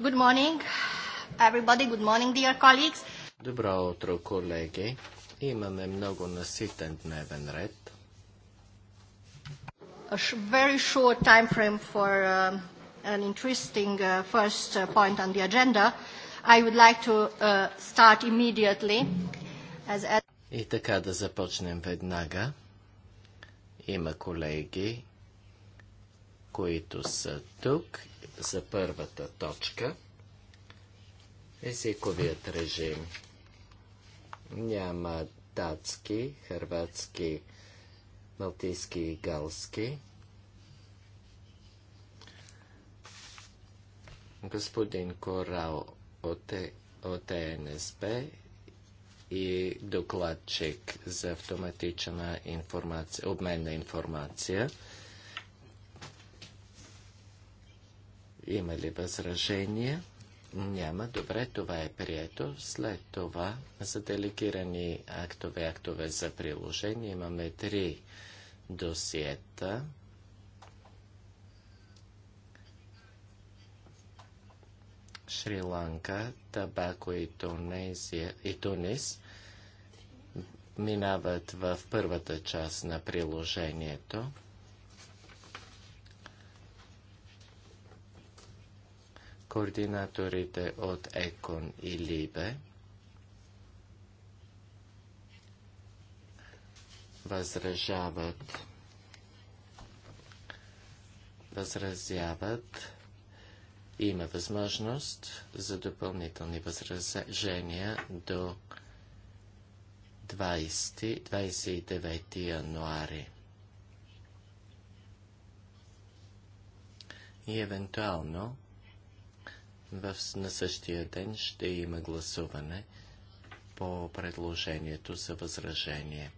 Good morning, everybody. Good morning, dear colleagues. Добро утро, колеги. Имаме много наситен дневен ред. A very short time frame for uh, an interesting uh, first uh, point on the agenda. I would like to uh, start immediately. As... И така да започнем веднага. Има колеги, които са тук за първата точка. Езиковият режим. Няма датски, хърватски, малтийски и галски. Господин Корал от, е- от ЕНСБ и докладчик за автоматична информация, обмен на информация Има ли възражения? Няма. Добре, това е прието. След това за делегирани актове, актове за приложение имаме три досиета. Шри-Ланка, Табако и, Тунезия, и Тунис минават в първата част на приложението. координаторите от ЕКОН и ЛИБЕ възражават възразяват има възможност за допълнителни възражения до 20-29 януари. И евентуално в, на същия ден ще има гласуване по предложението за възражение.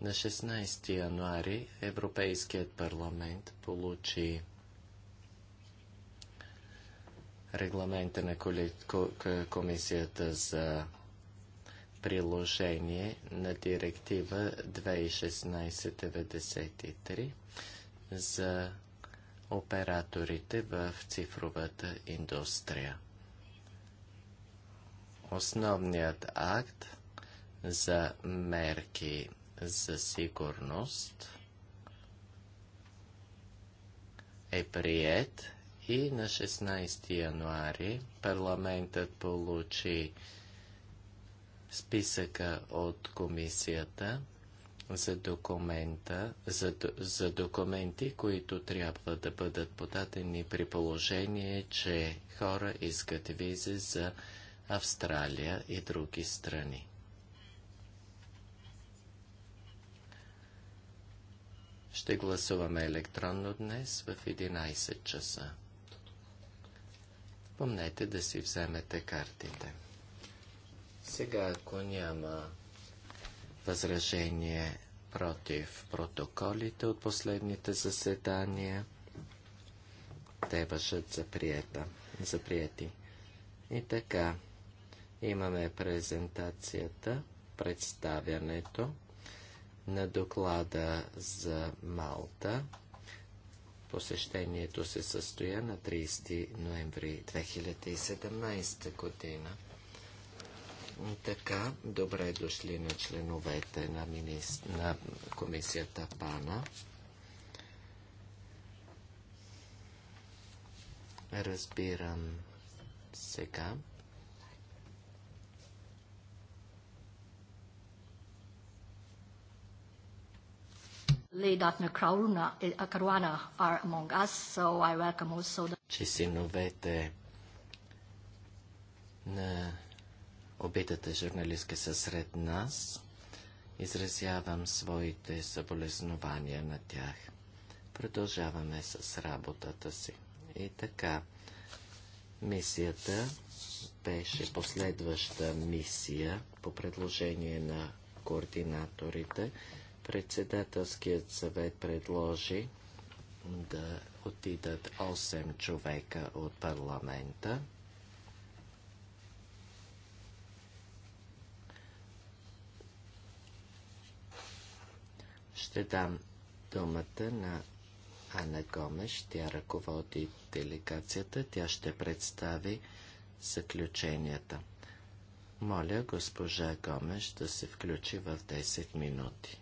На 16 януари Европейският парламент получи регламента на комисията за приложение на директива 2016-93 за операторите в цифровата индустрия. Основният акт за мерки за сигурност е прият и на 16 януари парламентът получи списъка от комисията – за, документа, за, за документи, които трябва да бъдат подадени при положение, че хора искат визи за Австралия и други страни. Ще гласуваме електронно днес в 11 часа. Помнете да си вземете картите. Сега, ако няма възражение против протоколите от последните заседания. Те въжат за, приета, за приети. И така, имаме презентацията, представянето на доклада за Малта. Посещението се състоя на 30 ноември 2017 година. Така, добре дошли на членовете на, минис... на комисията ПАНА. Разбирам сега. Лейдатна е, are among us, so I welcome also the... Че синовете на Обидата журналистка са е сред нас. Изразявам своите съболезнования на тях. Продължаваме с работата си. И така, мисията беше последваща мисия по предложение на координаторите. Председателският съвет предложи да отидат 8 човека от парламента. Ще дам думата на Ана Гомеш. Тя ръководи делегацията. Тя ще представи заключенията. Моля госпожа Гомеш да се включи в 10 минути.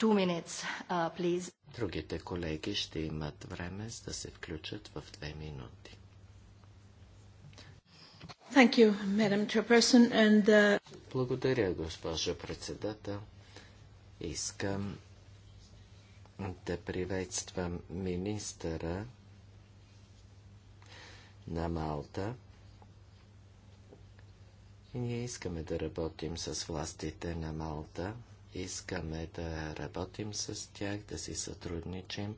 Minutes, uh, Другите колеги ще имат време да се включат в 2 минути. You, and, uh... Благодаря, госпожо председател. Искам да приветствам министъра на Малта. И ние искаме да работим с властите на Малта. Искаме да работим с тях, да си сътрудничим.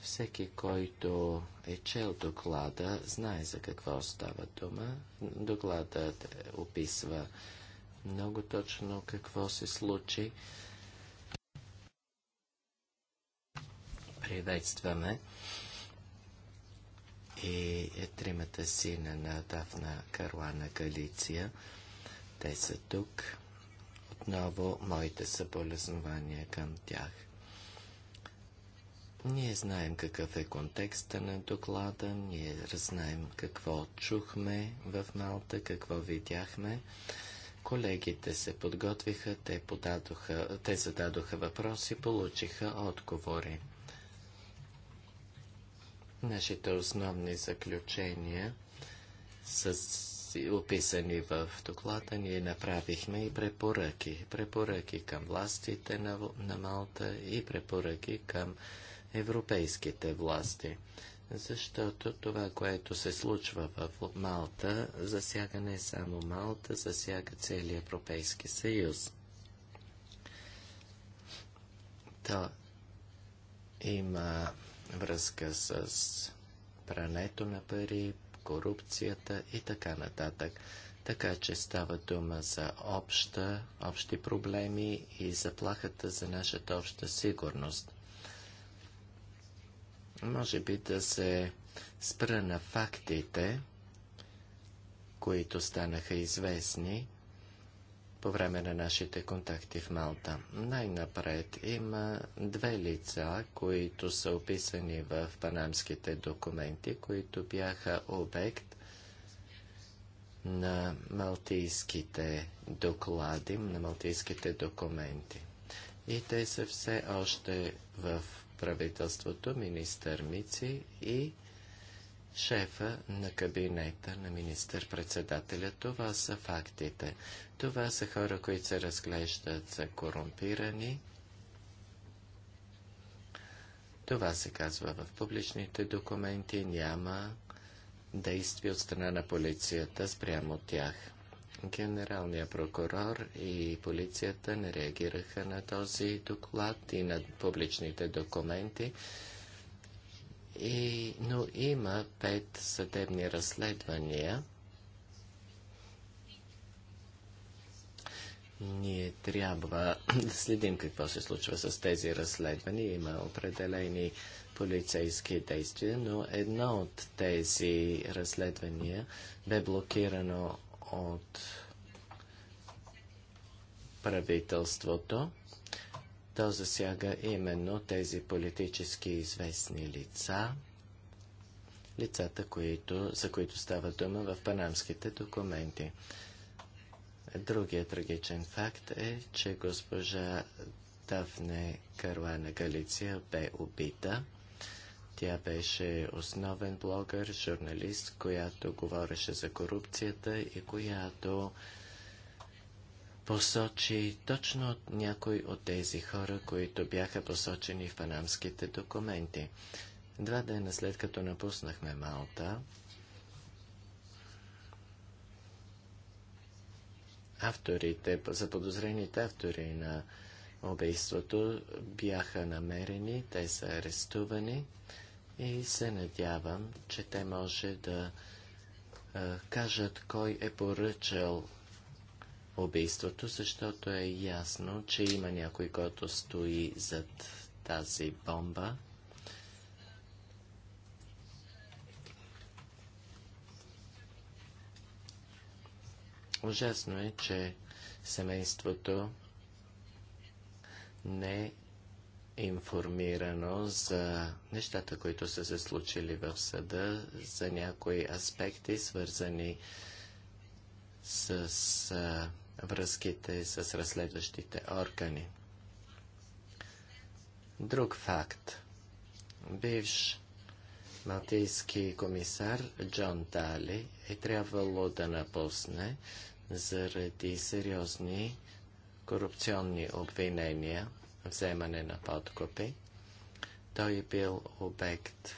Всеки, който е чел доклада, знае за какво става дума. Докладът описва много точно какво се случи. приветстваме и тримата сина на Дафна Каруана Галиция. Те са тук. Отново моите съболезнования към тях. Ние знаем какъв е контекста на доклада, ние знаем какво чухме в Малта, какво видяхме. Колегите се подготвиха, те, подадоха, те зададоха въпроси, получиха отговори. Нашите основни заключения са описани в доклада. Ние направихме и препоръки. Препоръки към властите на, на Малта и препоръки към европейските власти. Защото това, което се случва в Малта, засяга не само Малта, засяга целия Европейски съюз. То има връзка с прането на пари, корупцията и така нататък. Така че става дума за обща, общи проблеми и заплахата за нашата обща сигурност. Може би да се спра на фактите, които станаха известни по време на нашите контакти в Малта. Най-напред има две лица, които са описани в панамските документи, които бяха обект на малтийските доклади, на малтийските документи. И те са все още в правителството, министър Мици и шефа на кабинета на министър-председателя. Това са фактите. Това са хора, които се разглеждат за корумпирани. Това се казва в публичните документи. Няма действия от страна на полицията спрямо тях. Генералният прокурор и полицията не реагираха на този доклад и на публичните документи. И, но има пет съдебни разследвания. Ние трябва да следим какво се случва с тези разследвания. Има определени полицейски действия, но едно от тези разследвания бе блокирано от правителството. То засяга именно тези политически известни лица, лицата, които, за които става дума в панамските документи. Другият трагичен факт е, че госпожа Дафне Каруана Галиция бе убита. Тя беше основен блогър, журналист, която говореше за корупцията и която посочи точно от някой от тези хора, които бяха посочени в панамските документи. Два дена след като напуснахме Малта, авторите, заподозрените автори на убийството бяха намерени, те са арестувани и се надявам, че те може да а, кажат кой е поръчал убийството, защото е ясно, че има някой, който стои зад тази бомба. Ужасно е, че семейството не е информирано за нещата, които са се случили в съда, за някои аспекти, свързани с връзките с разследващите органи. Друг факт. Бивш малтийски комисар Джон Дали е трябвало да напусне заради сериозни корупционни обвинения, вземане на подкопи. Той е бил обект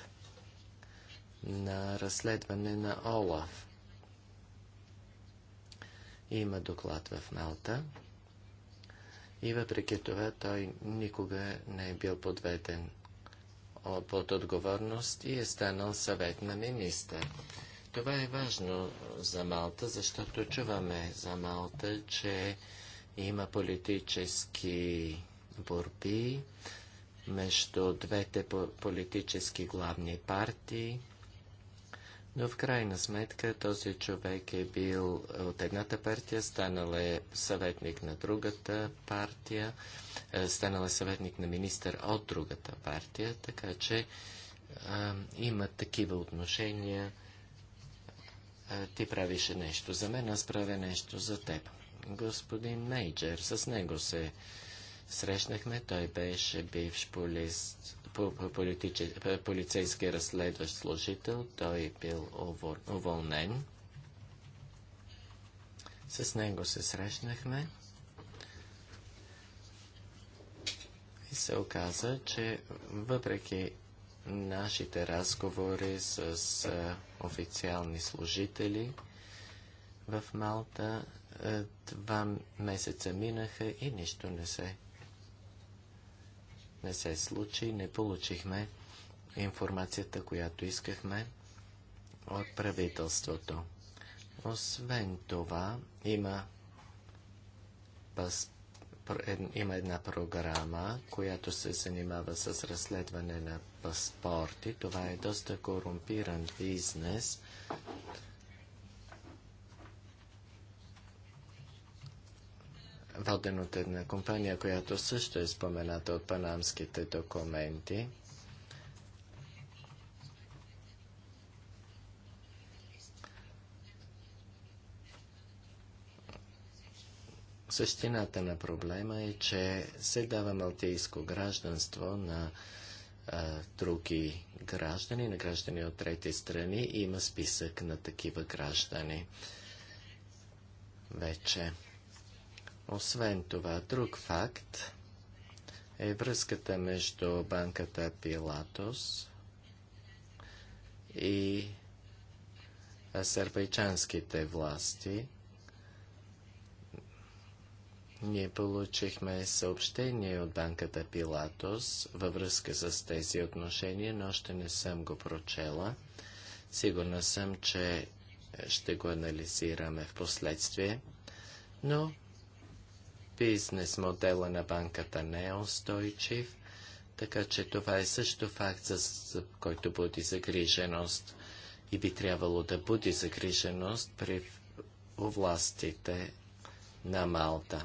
на разследване на Олаф. Има доклад в Малта. И въпреки това той никога не е бил подведен под отговорност и е станал съвет на министър. Това е важно за Малта, защото чуваме за Малта, че има политически борби между двете политически главни партии. Но в крайна сметка този човек е бил от едната партия, станал е съветник на другата партия, е, станал е съветник на министър от другата партия, така че а, е, има такива отношения. А, е, ти правише нещо за мен, аз правя нещо за теб. Господин Мейджер, с него се срещнахме, той беше бивш полист полицейски разследващ служител. Той е бил уволнен. С него се срещнахме и се оказа, че въпреки нашите разговори с официални служители в Малта, два месеца минаха и нищо не се не се случи, не получихме информацията, която искахме от правителството. Освен това, има, пас, има една програма, която се занимава с разследване на паспорти. Това е доста корумпиран бизнес. воден от една компания, която също е спомената от панамските документи. Същината на проблема е, че се дава малтийско гражданство на други граждани, на граждани от трети страни. Има списък на такива граждани вече. Освен това, друг факт е връзката между банката Пилатос и азербайджанските власти. Ние получихме съобщение от банката Пилатос във връзка с тези отношения, но още не съм го прочела. Сигурна съм, че ще го анализираме в последствие, но Бизнес модела на банката не е устойчив, така че това е също факт, за, който буди загриженост и би трябвало да буди загриженост при властите на Малта.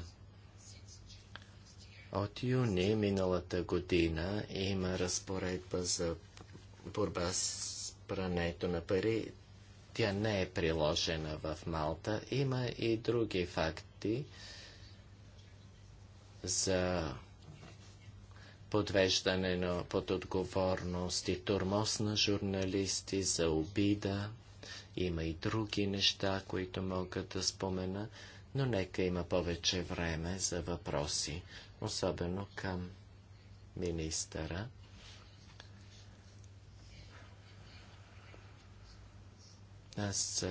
От юни миналата година има разпоредба за борба с прането на пари. Тя не е приложена в Малта. Има и други факти, за подвеждане на, под отговорност и турмоз на журналисти, за обида. Има и други неща, които могат да спомена, но нека има повече време за въпроси, особено към министъра. Аз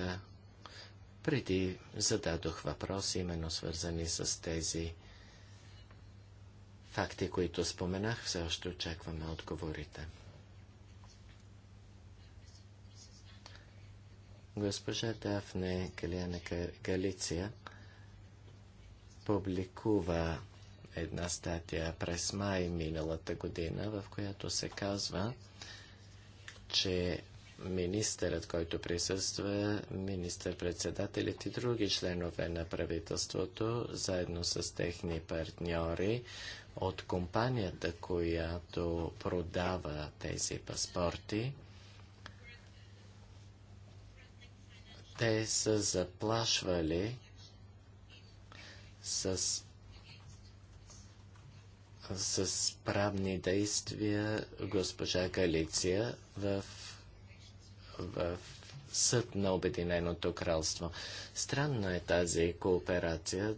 преди зададох въпроси, именно свързани с тези факти, които споменах, все още очакваме отговорите. Госпожа Дафне Галиана Галиция публикува една статия през май миналата година, в която се казва, че министърът, който присъства, министър-председателят и други членове на правителството, заедно с техни партньори от компанията, която продава тези паспорти. Те са заплашвали с с правни действия госпожа Галиция в в съд на Обединеното кралство. Странно е тази кооперация,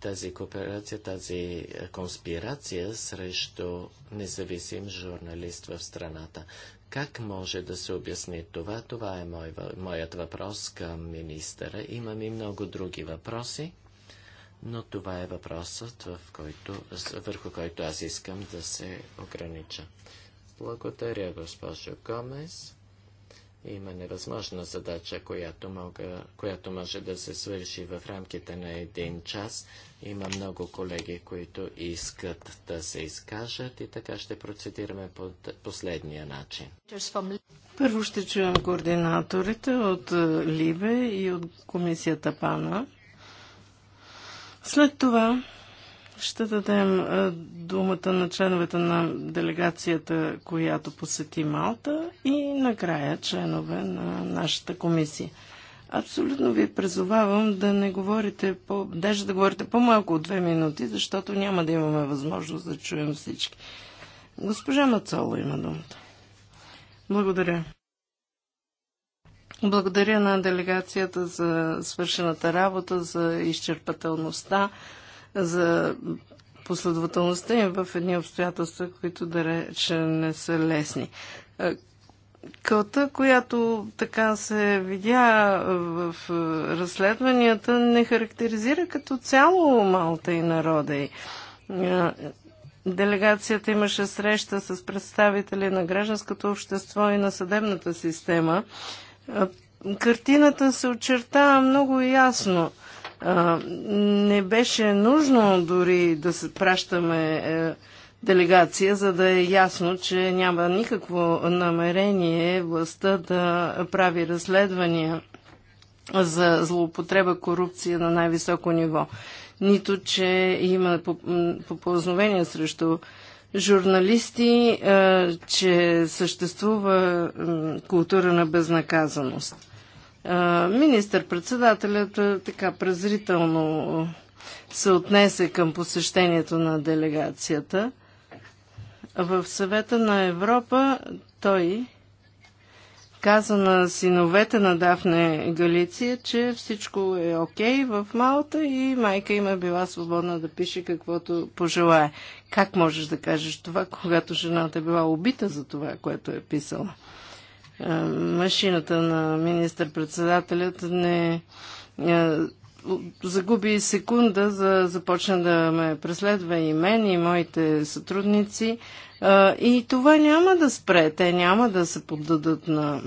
тази кооперация, тази конспирация срещу независим журналист в страната. Как може да се обясни това? Това е мой, моят въпрос към министъра. Имам и много други въпроси, но това е въпросът, в който, върху който аз искам да се огранича. Благодаря, госпожо Гомес. Има невъзможна задача, която, мога, която може да се свърши в рамките на един час. Има много колеги, които искат да се изкажат и така ще процедираме по последния начин. Първо ще чуем координаторите от е, Либе и от комисията ПАНА. След това ще дадем е, думата на членовете на делегацията, която посети Малта и накрая членове на нашата комисия. Абсолютно ви призовавам да не говорите по... даже да говорите по-малко от две минути, защото няма да имаме възможност да чуем всички. Госпожа Мацоло, има думата. Благодаря. Благодаря на делегацията за свършената работа, за изчерпателността, за последователността им в едни обстоятелства, които да рече не са лесни. Кълта, която така се видя в разследванията, не характеризира като цяло Малта и народа и Делегацията имаше среща с представители на гражданското общество и на съдебната система. Картината се очерта много ясно – не беше нужно дори да се пращаме е, делегация, за да е ясно, че няма никакво намерение властта да прави разследвания за злоупотреба, корупция на най-високо ниво. Нито, че има попълзновения срещу журналисти, е, че съществува култура на безнаказаност. Министър-председателят така презрително се отнесе към посещението на делегацията. В съвета на Европа той каза на синовете на Дафне Галиция, че всичко е окей okay в Малта и майка им е била свободна да пише каквото пожелае. Как можеш да кажеш това, когато жената е била убита за това, което е писала? Е, машината на министър-председателят не е, загуби секунда, за, започна да ме преследва и мен, и моите сътрудници. Е, и това няма да спре. Те няма да се поддадат на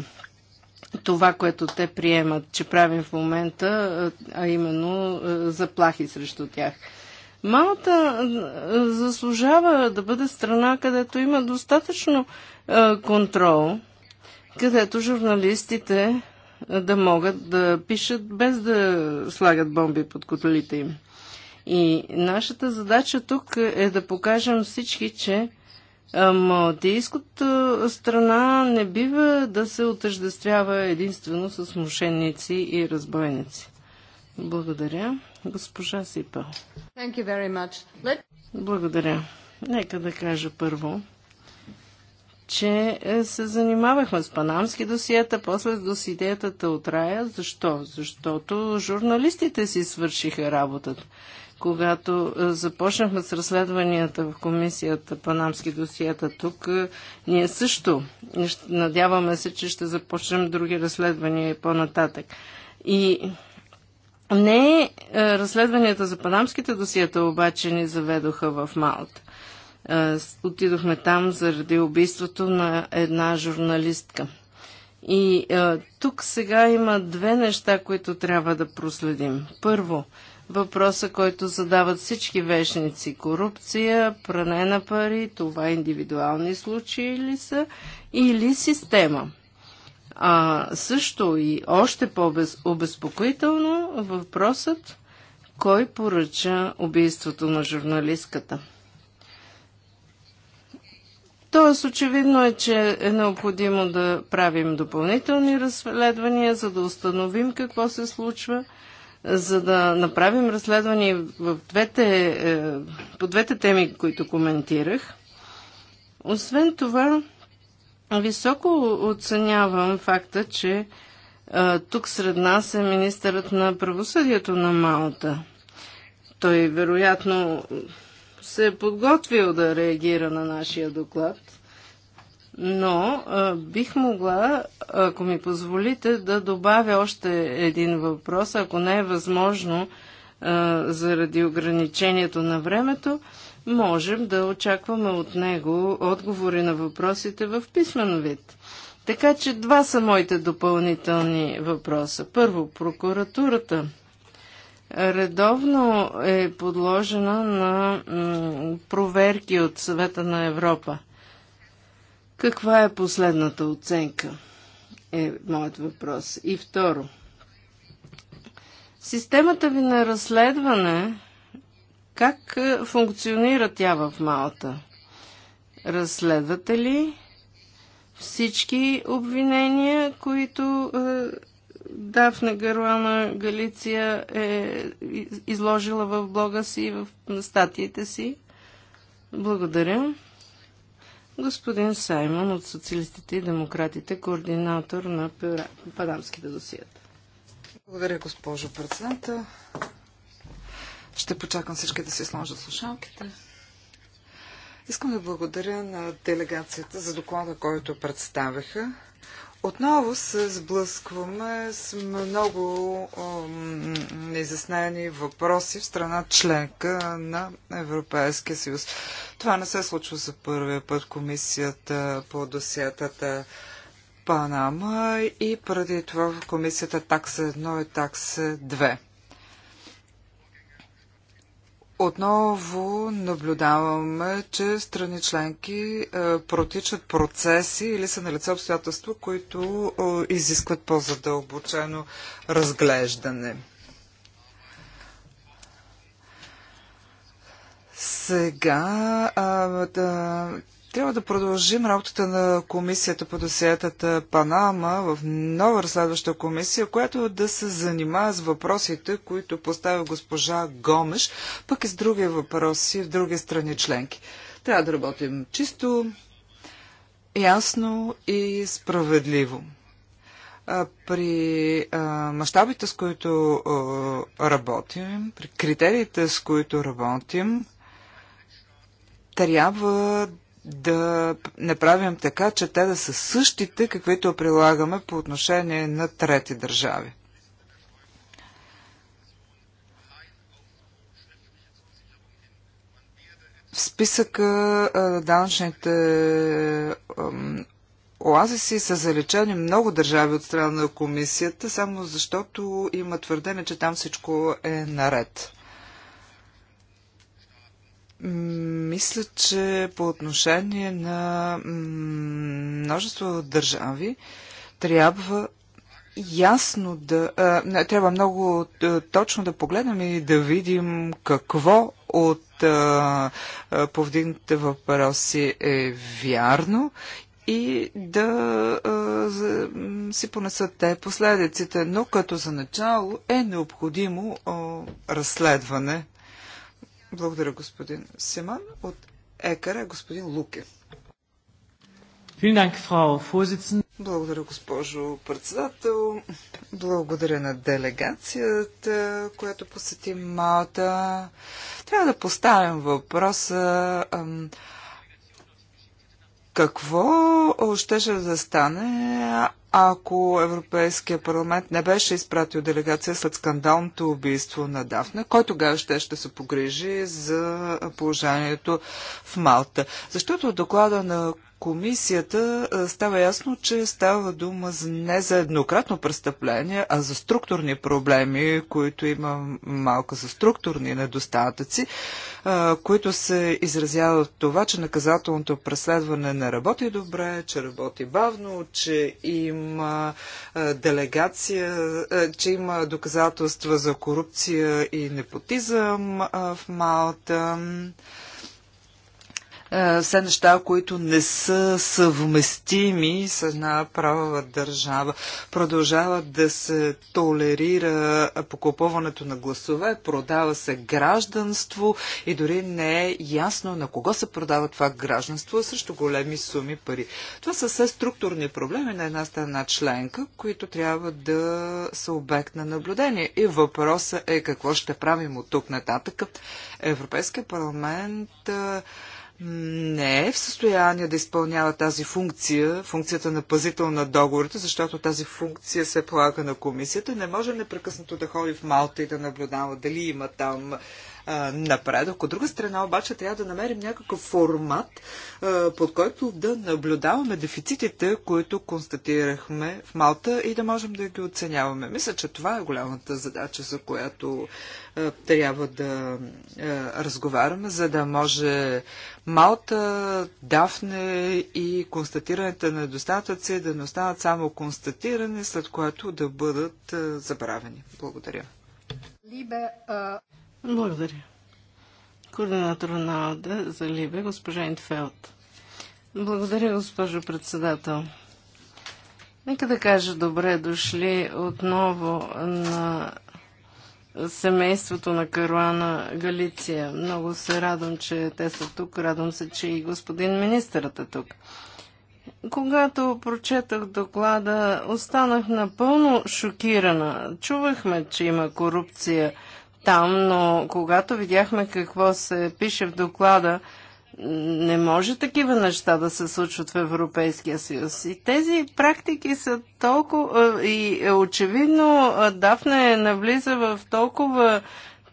това, което те приемат, че правим в момента, а именно заплахи срещу тях. Малта заслужава да бъде страна, където има достатъчно контрол където журналистите да могат да пишат без да слагат бомби под котлите им. И нашата задача тук е да покажем всички, че Малтийската страна не бива да се отъждествява единствено с мошенници и разбойници. Благодаря. Госпожа Сипа. Благодаря. Нека да кажа първо, че е, се занимавахме с панамски досиета, после с досиетата от рая. Защо? Защото журналистите си свършиха работата. Когато е, започнахме с разследванията в комисията Панамски досиета тук, е, ние също надяваме се, че ще започнем други разследвания и по-нататък. И не разследванията за панамските досиета обаче ни заведоха в Малта. Е, отидохме там заради убийството на една журналистка. И а, е, тук сега има две неща, които трябва да проследим. Първо, въпроса, който задават всички вешници – корупция, пране на пари, това индивидуални случаи ли са или система. А също и още по-обезпокоително въпросът – кой поръча убийството на журналистката – Тоест, очевидно е, че е необходимо да правим допълнителни разследвания, за да установим какво се случва, за да направим разследвания в двете, е, по двете теми, които коментирах. Освен това, високо оценявам факта, че е, тук сред нас е министърът на правосъдието на Малта. Той вероятно се е подготвил да реагира на нашия доклад, но а, бих могла, ако ми позволите, да добавя още един въпрос, ако не е възможно а, заради ограничението на времето, можем да очакваме от него отговори на въпросите в писмен вид. Така че два са моите допълнителни въпроса. Първо, прокуратурата редовно е подложена на проверки от Съвета на Европа. Каква е последната оценка? Е моят въпрос. И второ. Системата ви на разследване, как е, функционира тя в Малта? Разследвате ли всички обвинения, които е, Дафна Гаруана Галиция е изложила в блога си и в статиите си. Благодаря. Господин Саймон от Социалистите и демократите, координатор на Падамските досиета. Благодаря, госпожо председател. Ще почакам всички да си сложат слушалките. Искам да благодаря на делегацията за доклада, който представиха. Отново се сблъскваме с много неизяснени въпроси в страна членка на Европейския съюз. Това не се случва за първия път комисията по досиятата Панама и преди това в комисията такса 1 и такса 2. Отново наблюдаваме, че страни членки е, протичат процеси или са на лице обстоятелства, които е, изискват по-задълбочено разглеждане. Сега а, да, трябва да продължим работата на комисията по досиетата Панама в нова разследваща комисия, която да се занимава с въпросите, които поставя госпожа Гомеш, пък и с други въпроси в други страни членки. Трябва да работим чисто, ясно и справедливо при мащабите, с които а, работим, при критериите, с които работим, трябва да направим така, че те да са същите, каквито прилагаме по отношение на трети държави. В списъка данъчните оазиси са залечени много държави от страна на комисията, само защото има твърдение, че там всичко е наред. Мисля, че по отношение на множество държави трябва ясно да. не трябва много точно да погледнем и да видим какво от повдигнатите въпроси е вярно и да си понесат те последиците. Но като за начало е необходимо разследване благодаря, господин Семан. От Екара, господин Луке. Благодаря, госпожо председател. Благодаря на делегацията, която посети Малта. Трябва да поставим въпроса какво щеше да стане, ако Европейския парламент не беше изпратил делегация след скандалното убийство на Дафна, кой тогава ще, ще се погрижи за положението в Малта? Защото доклада на комисията е, става ясно, че става дума не за еднократно престъпление, а за структурни проблеми, които има малка за структурни недостатъци, е, които се изразяват това, че наказателното преследване не работи добре, че работи бавно, че има е, делегация, че има доказателства за корупция и непотизъм в Малта. Е, все неща, които не са съвместими с една правова държава. Продължава да се толерира покупуването на гласове, продава се гражданство и дори не е ясно на кого се продава това гражданство срещу големи суми пари. Това са все структурни проблеми на една страна членка, които трябва да са обект на наблюдение. И въпросът е какво ще правим от тук нататък. Европейския парламент е, не е в състояние да изпълнява тази функция, функцията на пазител на договорите, защото тази функция се полага на комисията. Не може непрекъснато да ходи в Малта и да наблюдава дали има там напредък. От друга страна обаче трябва да намерим някакъв формат, под който да наблюдаваме дефицитите, които констатирахме в Малта и да можем да ги оценяваме. Мисля, че това е голямата задача, за която трябва да разговаряме, за да може Малта, Дафне и констатираните недостатъци да не останат само констатирани, след което да бъдат забравени. Благодаря. Либе, благодаря. Координатор на ОДА за Либе, госпожа Интфелд. Благодаря, госпожо председател. Нека да кажа добре дошли отново на семейството на Каруана Галиция. Много се радвам, че те са тук. Радвам се, че и господин министърът е тук. Когато прочетах доклада, останах напълно шокирана. Чувахме, че има корупция – там, но когато видяхме какво се пише в доклада, не може такива неща да се случват в Европейския съюз. И тези практики са толкова... И очевидно Дафне навлиза в толкова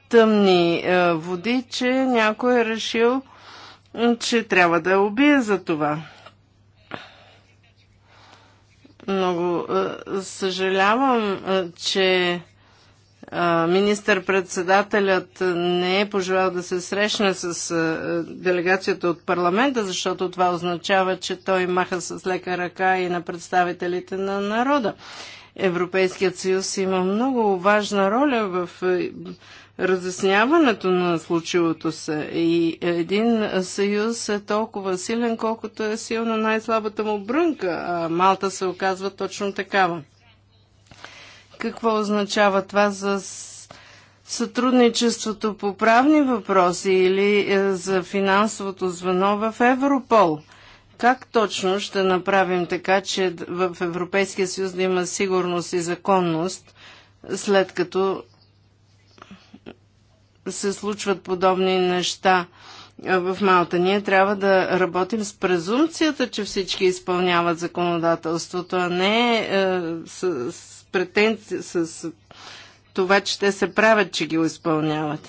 тъмни води, че някой е решил, че трябва да я убие за това. Много съжалявам, че Министър-председателят не е пожелал да се срещне с делегацията от парламента, защото това означава, че той маха с лека ръка и на представителите на народа. Европейският съюз има много важна роля в разясняването на случилото се. И един съюз е толкова силен, колкото е силна най-слабата му брънка, а Малта се оказва точно такава какво означава това за сътрудничеството по правни въпроси или е, за финансовото звено в Европол. Как точно ще направим така, че в Европейския съюз да има сигурност и законност, след като се случват подобни неща е, в Малта? Ние трябва да работим с презумцията, че всички изпълняват законодателството, а не е, с, с претенции, с това, че те се правят, че ги изпълняват.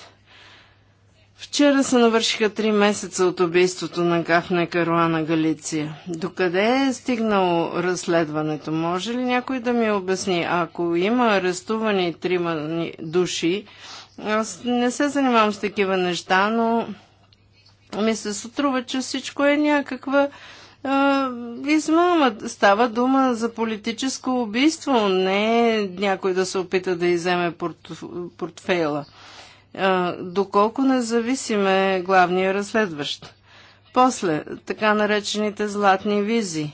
Вчера се навършиха три месеца от убийството на Гафна Каруана Галиция. Докъде е стигнало разследването? Може ли някой да ми обясни? Ако има арестувани трима души, аз не се занимавам с такива неща, но ми се струва, че всичко е някаква измама. Става дума за политическо убийство, не някой да се опита да иземе портф... портфейла. Доколко независим е главния разследващ. После, така наречените златни визи.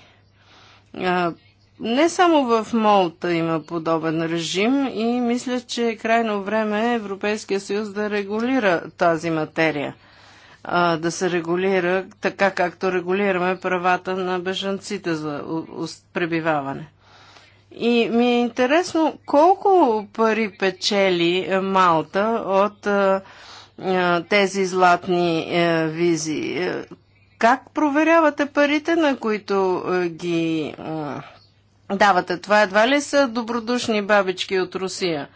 Не само в Молта има подобен режим и мисля, че е крайно време Европейския съюз да регулира тази материя – а, да се регулира така, както регулираме правата на бежанците за пребиваване. И ми е интересно колко пари печели Малта от а, тези златни а, визи. Как проверявате парите, на които а, ги а, давате? Това едва ли са добродушни бабички от Русия?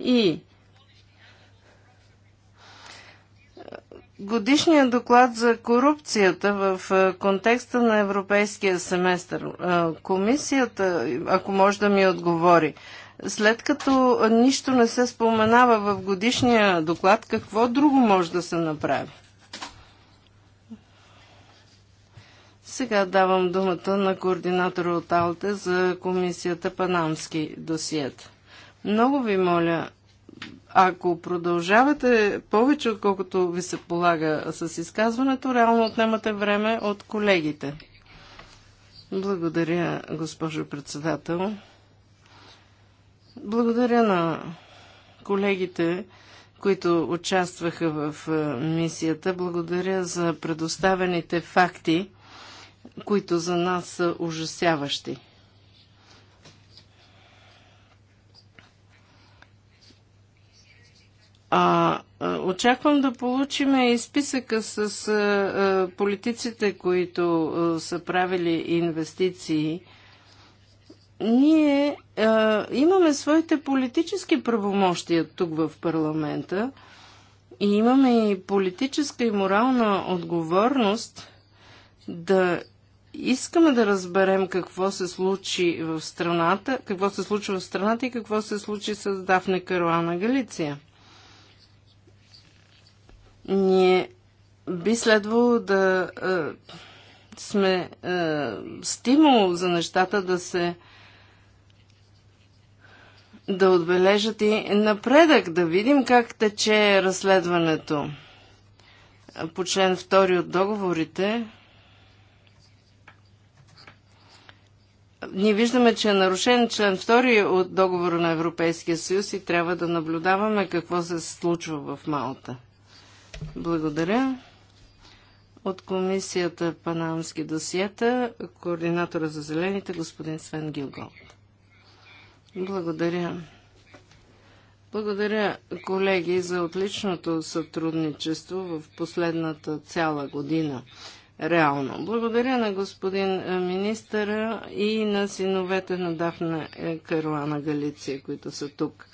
И годишния доклад за корупцията в е, контекста на европейския семестър. Е, комисията, ако може да ми отговори, след като нищо не се споменава в годишния доклад, какво друго може да се направи? Сега давам думата на координатора от Алте за комисията Панамски досиет. Много ви моля, ако продължавате повече, отколкото ви се полага с изказването, реално отнемате време от колегите. Благодаря, госпожо председател. Благодаря на колегите, които участваха в е, мисията. Благодаря за предоставените факти, които за нас са ужасяващи. А, очаквам да получим и списъка с а, политиците, които а, са правили инвестиции. Ние а, имаме своите политически правомощия тук в парламента и имаме и политическа и морална отговорност да искаме да разберем какво се случи в страната, какво се случва в страната и какво се случи с Дафне Каруана Галиция. Ние би следвало да е, сме е, стимул за нещата да се да отбележат и напредък, да видим как тече разследването по член 2 от договорите. Ние виждаме, че е нарушен член 2 от договора на Европейския съюз и трябва да наблюдаваме какво се случва в Малта. Благодаря. От комисията Панамски досиета, координатора за зелените, господин Свен Гилголд. Благодаря. Благодаря, колеги, за отличното сътрудничество в последната цяла година. Реално. Благодаря на господин е, министъра и на синовете на Дафна е, Каруана Галиция, които са тук.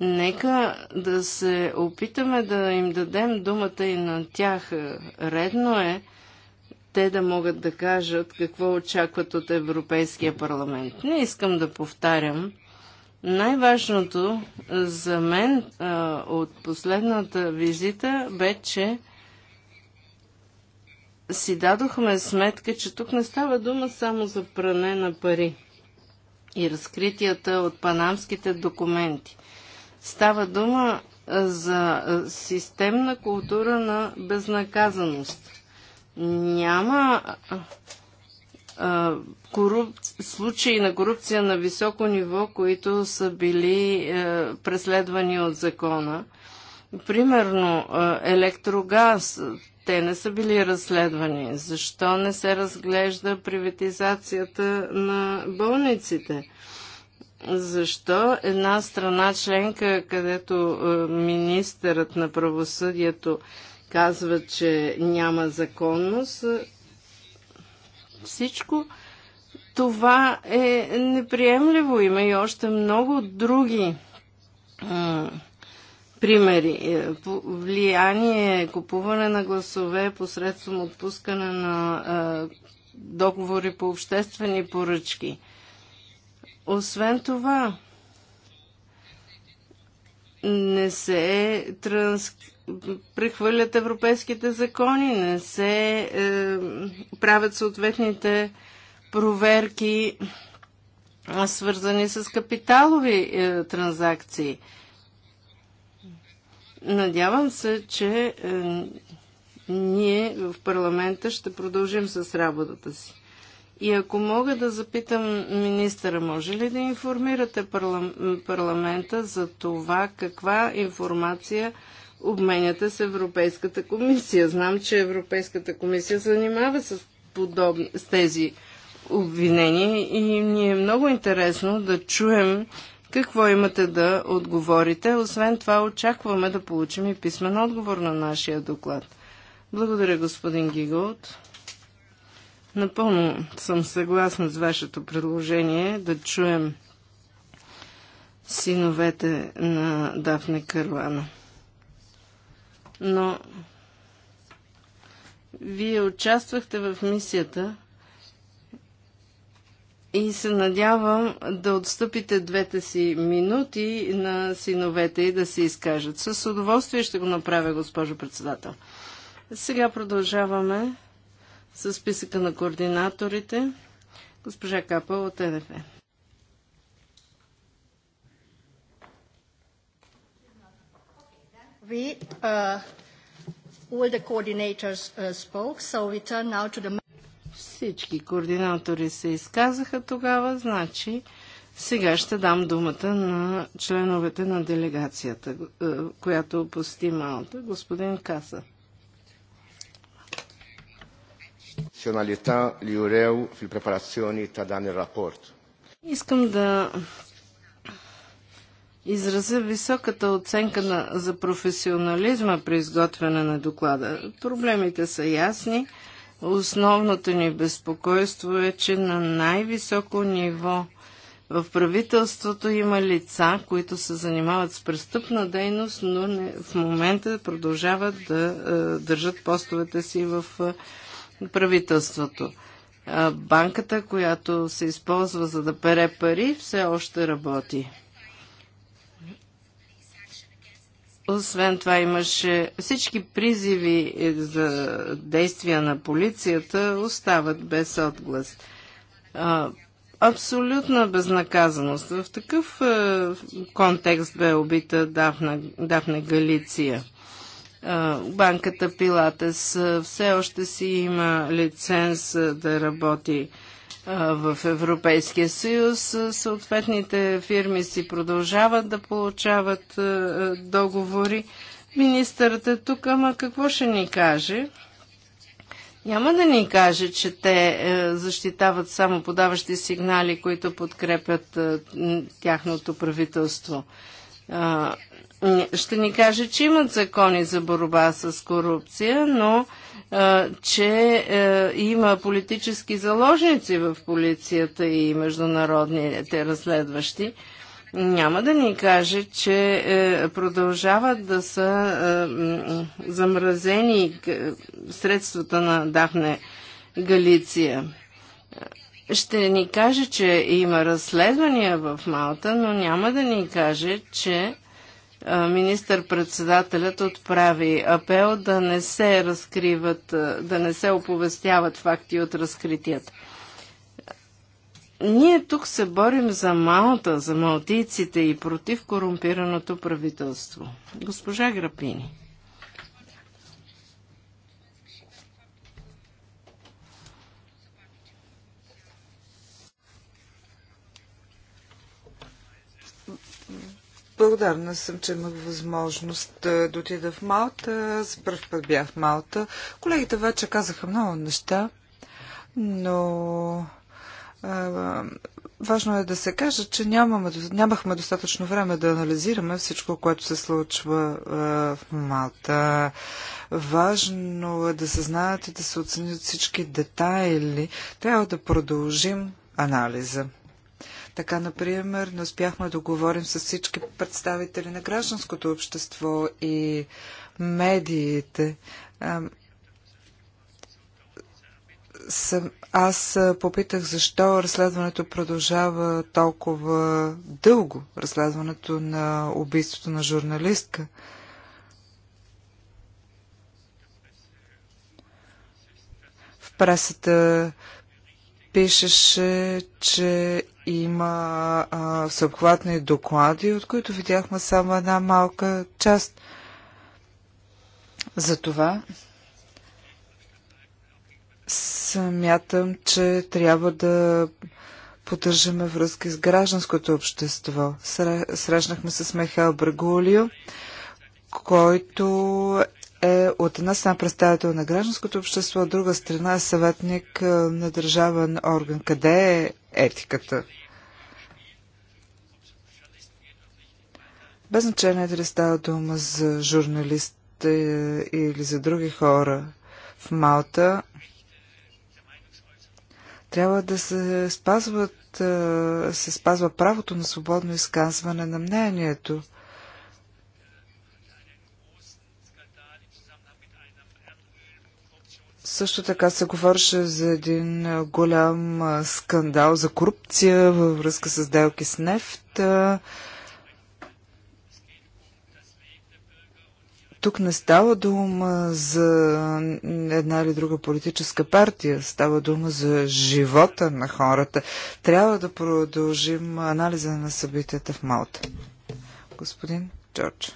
Нека да се опитаме да им дадем думата и на тях. Редно е те да могат да кажат какво очакват от Европейския парламент. Не искам да повтарям. Най-важното за мен а, от последната визита бе, че си дадохме сметка, че тук не става дума само за пране на пари и разкритията от панамските документи. Става дума за системна култура на безнаказаност. Няма коруп... случаи на корупция на високо ниво, които са били преследвани от закона. Примерно електрогаз, те не са били разследвани. Защо не се разглежда приватизацията на болниците? защо една страна членка, където е, министърът на правосъдието казва, че няма законност, е, всичко това е неприемливо. Има и още много други е, примери. Влияние, купуване на гласове посредством отпускане на договори по обществени поръчки освен това, не се транс... прехвърлят европейските закони, не се е, правят съответните проверки, свързани с капиталови е, транзакции. Надявам се, че е, ние в парламента ще продължим с работата си. И ако мога да запитам министъра, може ли да информирате парламента за това каква информация обменяте с Европейската комисия? Знам, че Европейската комисия занимава с, подобни, с тези обвинения и ни е много интересно да чуем какво имате да отговорите. Освен това, очакваме да получим и писмен отговор на нашия доклад. Благодаря, господин Гигалт. Напълно съм съгласна с вашето предложение да чуем синовете на Дафне Карлана. Но вие участвахте в мисията и се надявам да отстъпите двете си минути на синовете и да се изкажат. С удоволствие ще го направя, госпожо председател. Сега продължаваме с списъка на координаторите. Госпожа Капа от НФ. We, uh, all the coordinators uh, spoke, so we turn now to the... Всички координатори се изказаха тогава, значи сега ще дам думата на членовете на делегацията, е, която посети Малта, господин Каса. професионалността ли урею в препарациони та дан рапорт. Искам да изразя високата оценка на, за професионализма при изготвяне на доклада. Проблемите са ясни. Основното ни безпокойство е, че на най-високо ниво в правителството има лица, които се занимават с престъпна дейност, но не, в момента продължават да е, държат постовете си в е, правителството. Банката, която се използва за да пере пари, все още работи. Освен това имаше всички призиви е, за действия на полицията остават без отглас. абсолютна безнаказаност. В такъв е, контекст бе убита Дафна, Дафна Галиция банката Пилатес все още си има лиценз да работи в Европейския съюз. Съответните фирми си продължават да получават договори. Министърът е тук, ама какво ще ни каже? Няма да ни каже, че те е, защитават само подаващи сигнали, които подкрепят е, тяхното правителство а, ще ни каже, че имат закони за борба с корупция, но че е, има политически заложници в полицията и международните разследващи. Няма да ни каже, че е, продължават да са е, замразени средствата на Дафне Галиция ще ни каже, че има разследвания в Малта, но няма да ни каже, че министър-председателят отправи апел да не се разкриват, да не се оповестяват факти от разкритията. Ние тук се борим за Малта, за малтийците и против корумпираното правителство. Госпожа Грапини. Благодарна съм, че имах възможност да отида в Малта. За първ път бях в Малта. Колегите вече казаха много неща, но а, важно е да се каже, че нямаме, нямахме достатъчно време да анализираме всичко, което се случва а, в Малта. Важно е да се знаят и да се оценят всички детайли. Трябва да продължим анализа. Така, например, не успяхме да говорим с всички представители на гражданското общество и медиите. Аз попитах защо разследването продължава толкова дълго, разследването на убийството на журналистка. В пресата пишеше, че има съобхватни доклади, от които видяхме само една малка част. Затова смятам, че трябва да поддържаме връзки с гражданското общество. Срещнахме се с Михаил Брагулио, който е от една страна представител на гражданското общество, от друга страна е съветник е, на държавен орган. Къде е етиката? Без значение дали става дума за журналист е, или за други хора в Малта, трябва да се спазват, е, се спазва правото на свободно изказване на мнението. Също така се говореше за един голям скандал за корупция във връзка с делки с нефт. Тук не става дума за една или друга политическа партия, става дума за живота на хората. Трябва да продължим анализа на събитията в Малта. Господин Джордж.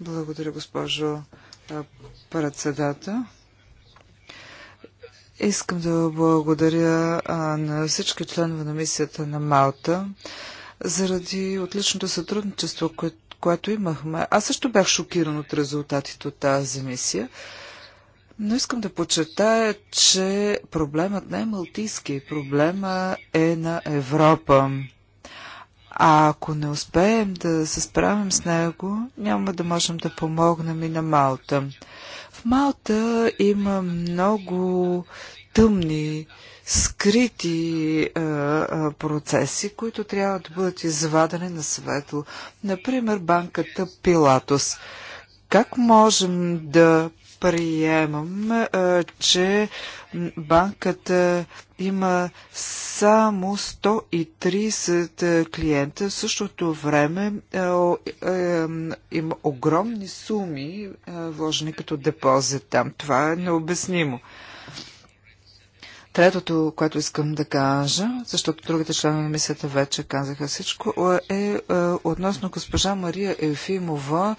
Благодаря, госпожо председател. Искам да благодаря на всички членове на мисията на Малта заради отличното сътрудничество, кое, което имахме. Аз също бях шокиран от резултатите от тази мисия, но искам да подчертая, че проблемът не е малтийски, проблема е на Европа. А ако не успеем да се справим с него, няма да можем да помогнем и на Малта. В Малта има много тъмни, скрити е, е, процеси, които трябва да бъдат извадени на светло. Например, банката Пилатос. Как можем да приемам, че банката има само 130 е, клиента. В същото време е, е, има огромни суми вложени като депозит там. Това е необяснимо. Третото, което искам да кажа, защото другите членове на мисията вече казаха всичко, е, е относно госпожа Мария Ефимова,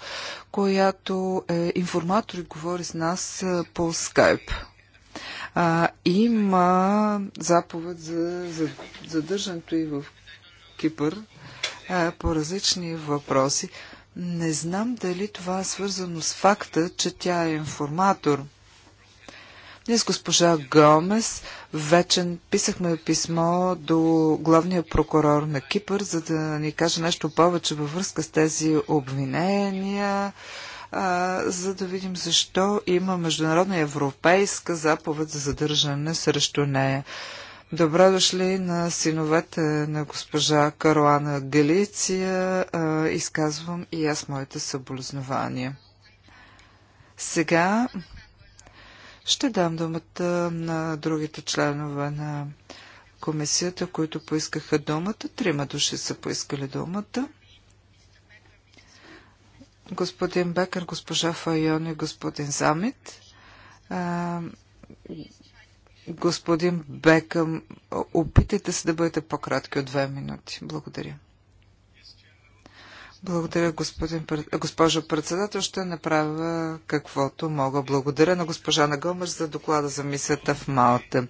която е информатор и говори с нас по скайп а, има заповед за, за задържането и в Кипър а, по различни въпроси. Не знам дали това е свързано с факта, че тя е информатор. Ние с госпожа Гомес вече писахме писмо до главния прокурор на Кипър, за да ни каже нещо повече във връзка с тези обвинения, а, за да видим защо има международна европейска заповед за задържане срещу нея. Добре дошли на синовете на госпожа Каруана Галиция. А, изказвам и аз моите съболезнования. Сега ще дам думата на другите членове на комисията, които поискаха думата. Трима души са поискали думата господин Бекър, госпожа Файон и господин Замит. Господин Бекъм, опитайте се да бъдете по-кратки от две минути. Благодаря. Благодаря, господин, госпожо председател. Ще направя каквото мога. Благодаря на госпожа Нагомер за доклада за мисията в Малта.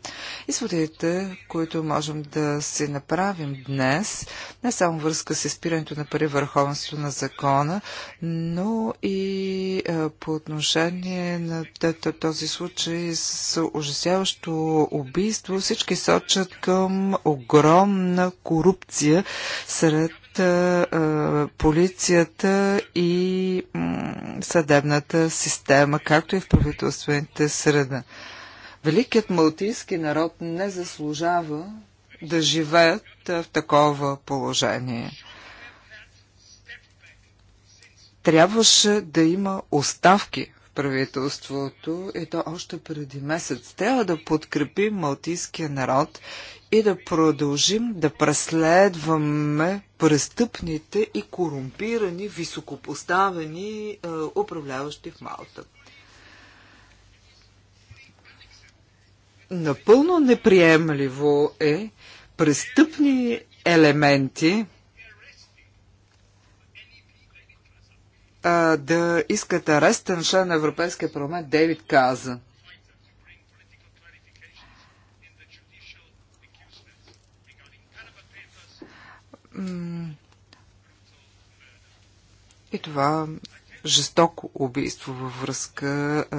Изводите, които можем да си направим днес, не само връзка с изпирането на пари върховенство на закона, но и е, по отношение на този случай с ужасяващо убийство, всички сочат към огромна корупция сред съдилищата, полицията и съдебната система, както и в правителствените среда. Великият малтийски народ не заслужава да живеят в такова положение. Трябваше да има оставки правителството и то още преди месец. Трябва да подкрепим малтийския народ и да продължим да преследваме престъпните и корумпирани, високопоставени е, управляващи в Малта. Напълно неприемливо е престъпни елементи а, да искат ареста на член на Европейския парламент Дейвид Каза. И това жестоко убийство във връзка а,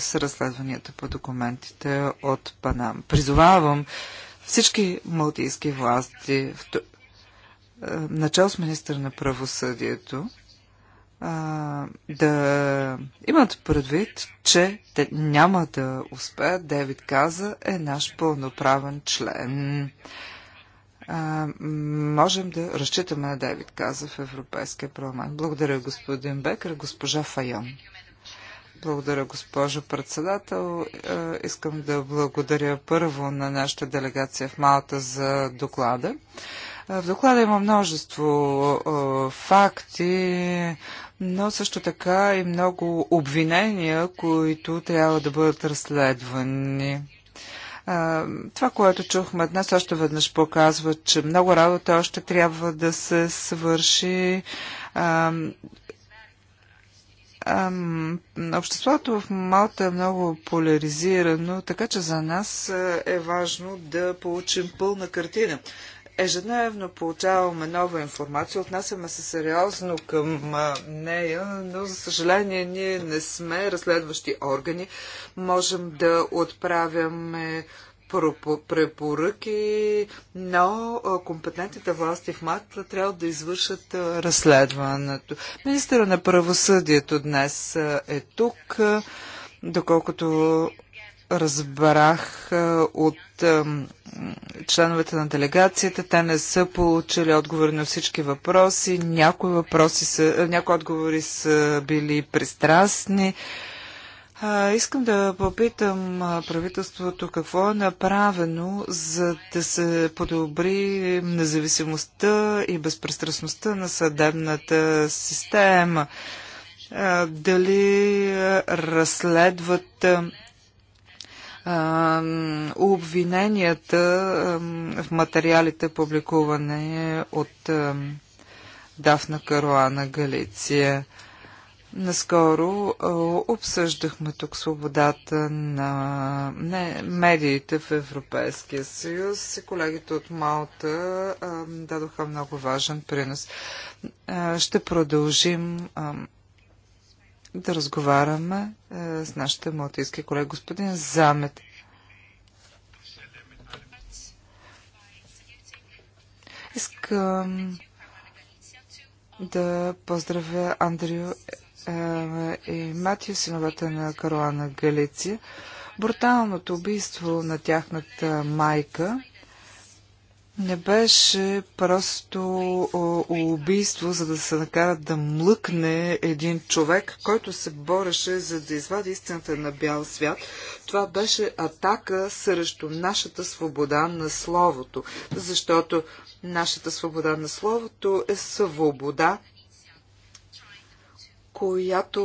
с разследванията по документите от Панам. Призовавам всички малтийски власти, в, а, начал с министър на правосъдието, а, да имат предвид, че те няма да успеят. Девид каза е наш пълноправен член. А, можем да разчитаме на Девид каза в Европейския парламент. Благодаря господин Бекър, госпожа Файон. Благодаря, госпожо председател. Искам да благодаря първо на нашата делегация в Малта за доклада. В доклада има множество факти, но също така и много обвинения, които трябва да бъдат разследвани. Това, което чухме днес, още веднъж показва, че много работа още трябва да се свърши. Обществото в Малта е много поляризирано, така че за нас е важно да получим пълна картина Ежедневно получаваме нова информация, отнасяме се сериозно към нея, но за съжаление ние не сме разследващи органи. Можем да отправяме препоръки, но компетентните власти в Матла трябва да извършат разследването. Министъра на правосъдието днес е тук. Доколкото разбрах от членовете на делегацията. Те не са получили отговори на всички въпроси. Някои, въпроси са, някои отговори са били пристрастни. Искам да попитам правителството какво е направено, за да се подобри независимостта и безпристрастността на съдебната система. Дали разследват обвиненията в материалите, публикуване от Дафна Каруана Галиция. Наскоро обсъждахме тук свободата на не, медиите в Европейския съюз и колегите от Малта дадоха много важен принос. ще продължим да разговаряме е, с нашите малтийски колеги. Господин Замет. Искам да поздравя Андрио е, е, и Матио, синовете на Каруана Галиция. Бруталното убийство на тяхната майка не беше просто убийство, за да се накарат да млъкне един човек, който се бореше за да извади истината на бял свят. Това беше атака срещу нашата свобода на словото, защото нашата свобода на словото е свобода която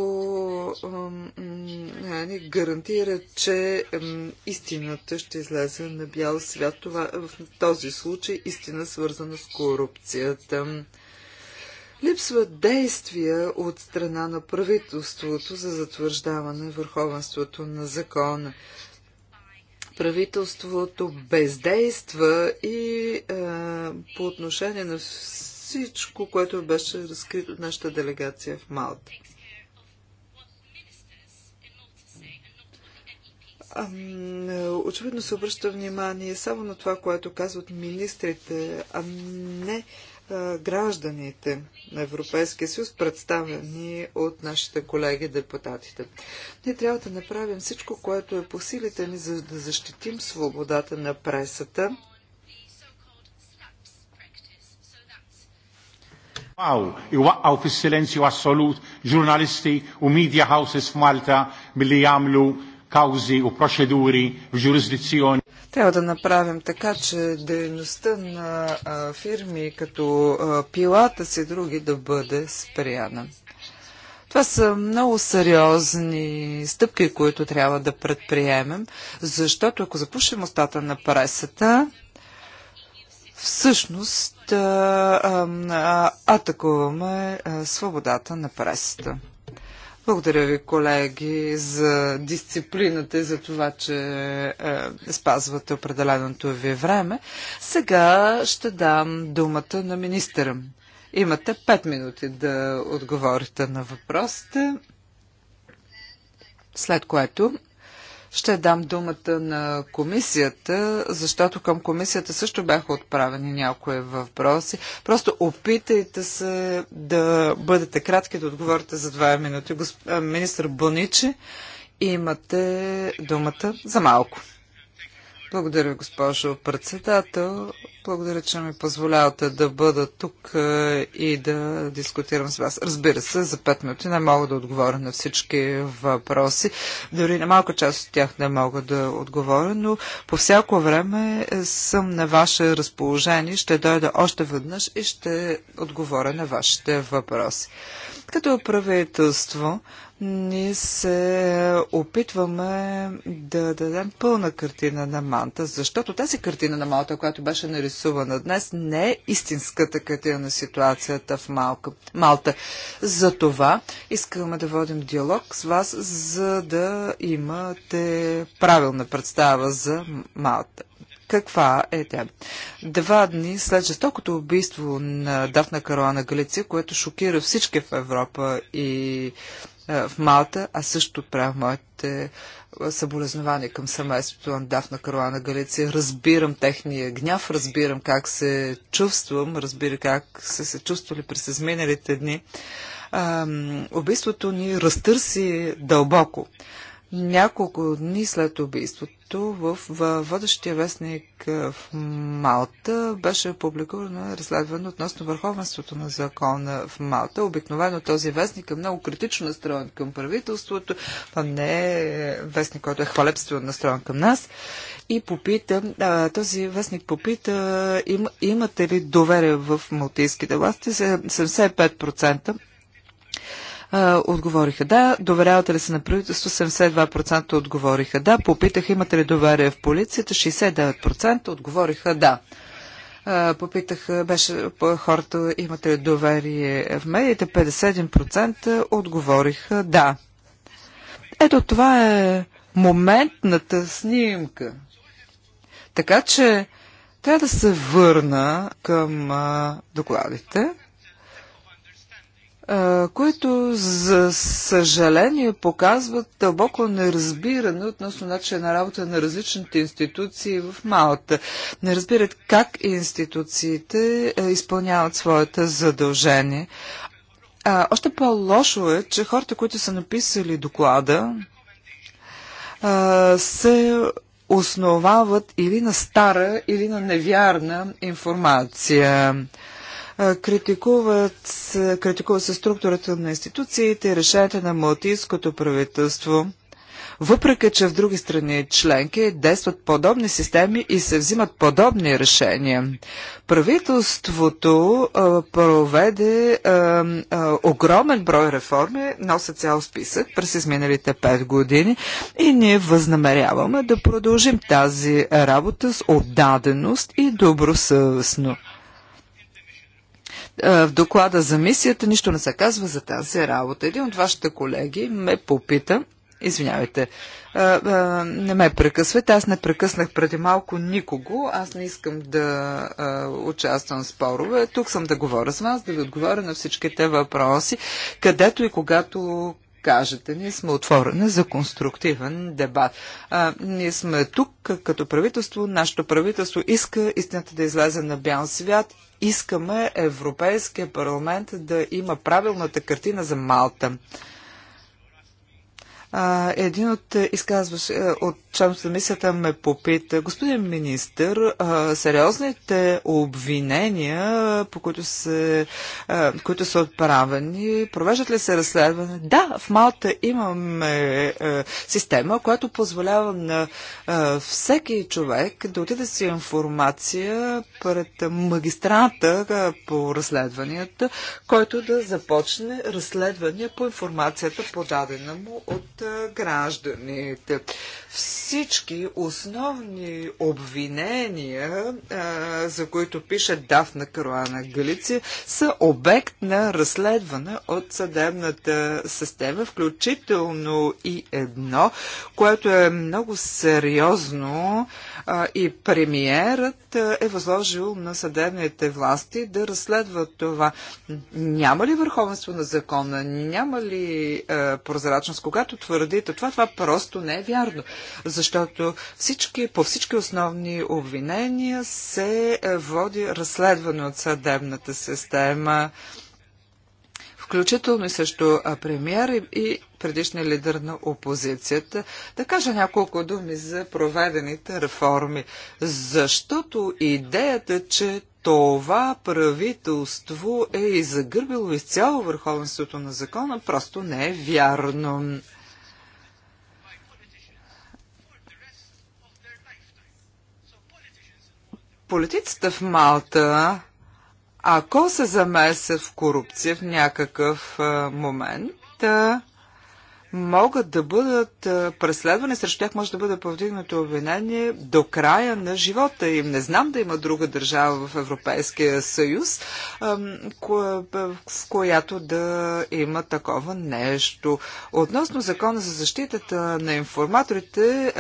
ни е, гарантира, че истината ще излезе на бял свят. Това, в този случай истина свързана с корупцията. Липсват действия от страна на правителството за затвърждаване върховенството на закона. Правителството бездейства и е, по отношение на всичко, което беше разкрито от нашата делегация в Малта. Очевидно се обръща внимание само на това, което казват министрите, а не гражданите на Европейския съюз, представени от нашите колеги депутатите. Ние трябва да направим всичко, което е по силите ни, за да защитим свободата на пресата Wow, iwaqqaw fis silenzju assolut ġurnalisti u media houses f'Malta billi jagħmlu kawzi u proċeduri f'ġurisdizzjoni. Трябва да направим така, че дейността на а, фирми като а, пилата си други да бъде спряна. Това са много сериозни стъпки, които трябва да предприемем, защото ако запушим устата на пресата, всъщност атакуваме свободата на пресата. Благодаря ви, колеги, за дисциплината и за това, че е, спазвате определеното ви време. Сега ще дам думата на министъра. Имате 5 минути да отговорите на въпросите, след което ще дам думата на комисията, защото към комисията също бяха отправени някои въпроси. Просто опитайте се да бъдете кратки, да отговорите за 2 минути. Министр Боничи, имате думата за малко. Благодаря, госпожо председател. Благодаря, че ми позволявате да бъда тук е, и да дискутирам с вас. Разбира се, за 5 минути не мога да отговоря на всички въпроси. Дори на малка част от тях не мога да отговоря, но по всяко време е, съм на ваше разположение. Ще дойда още веднъж и ще отговоря на вашите въпроси. Като правителство, ние се е, опитваме да дадем пълна картина на манта, защото тази картина на малта, която беше нарисувана днес, не е истинската картина на ситуацията в Малка, Малта. За това искаме да водим диалог с вас, за да имате правилна представа за Малта. Каква е тя? Два дни след жестокото убийство на Дафна Каруана Галиция, което шокира всички в Европа и е, в Малта. а също правя моите е, съболезнования към семейството на Дафна Каруана Галиция. Разбирам техния гняв, разбирам как се чувствам, разбира как са се чувствали през изминалите дни. убийството ни разтърси дълбоко. Няколко дни след убийството в водещия вестник е, в Малта беше публикувано разследване относно върховенството на закона в Малта. Обикновено този вестник е много критично настроен към правителството. а не е вестник, който е хвалебствено настроен към нас. И попита, а, този вестник попита, им, имате ли доверие в малтийските власти? 75% а, отговориха да. Доверявате ли се на правителство? 72% отговориха да. Попитах имате ли доверие в полицията? 69% отговориха да. А, попитах беше, хората имате ли доверие в медиите? 51% отговориха да. Ето това е моментната снимка. Така че трябва да се върна към а, докладите които за съжаление показват дълбоко неразбиране относно начина на работа на различните институции в Малта. Не разбират как институциите изпълняват своята задължение. А, още по-лошо е, че хората, които са написали доклада, а, се основават или на стара, или на невярна информация. Критикуват, критикува се структурата на институциите и решенията на малтийското правителство. Въпреки, че в други страни членки действат подобни системи и се взимат подобни решения, правителството а, проведе а, а, огромен брой реформи, носа цял списък през изминалите 5 години и ние възнамеряваме да продължим тази работа с отдаденост и добросъвестно в доклада за мисията нищо не се казва за тази работа. Един от вашите колеги ме попита, извинявайте, не ме прекъсвайте, аз не прекъснах преди малко никого, аз не искам да участвам в спорове, тук съм да говоря с вас, да ви отговоря на всичките въпроси, където и когато кажете. Ние сме отворени за конструктивен дебат. А, ние сме тук като правителство. Нашето правителство иска истината да излезе на бял свят. Искаме Европейския парламент да има правилната картина за Малта. А, един от е, изказваш е, от мисията ме попита, господин министр, а, сериозните обвинения, по които, се, а, които са отправени, провеждат ли се разследване? Да, в Малта имаме а, е, система, която позволява на а, всеки човек да отиде си информация пред магистрата а, по разследванията, който да започне разследвания по информацията подадена му от гражданите. Всички основни обвинения, за които пише Дафна Каруана Галиция, са обект на разследване от съдебната система, включително и едно, което е много сериозно и премиерът е възложил на съдебните власти да разследват това. Няма ли върховенство на закона? Няма ли прозрачност? Когато твърдите това, това просто не е вярно защото всички, по всички основни обвинения се е, води разследване от съдебната система включително и също премьер и, предишния лидер на опозицията. Да кажа няколко думи за проведените реформи, защото идеята, че това правителство е загърбило изцяло върховенството на закона, просто не е вярно. Политиците в Малта, ако се замесят в корупция в някакъв момент, могат да бъдат преследвани, срещу тях може да бъде повдигнато обвинение до края на живота им. Не знам да има друга държава в Европейския съюз, в която да има такова нещо. Относно закона за защитата на информаторите,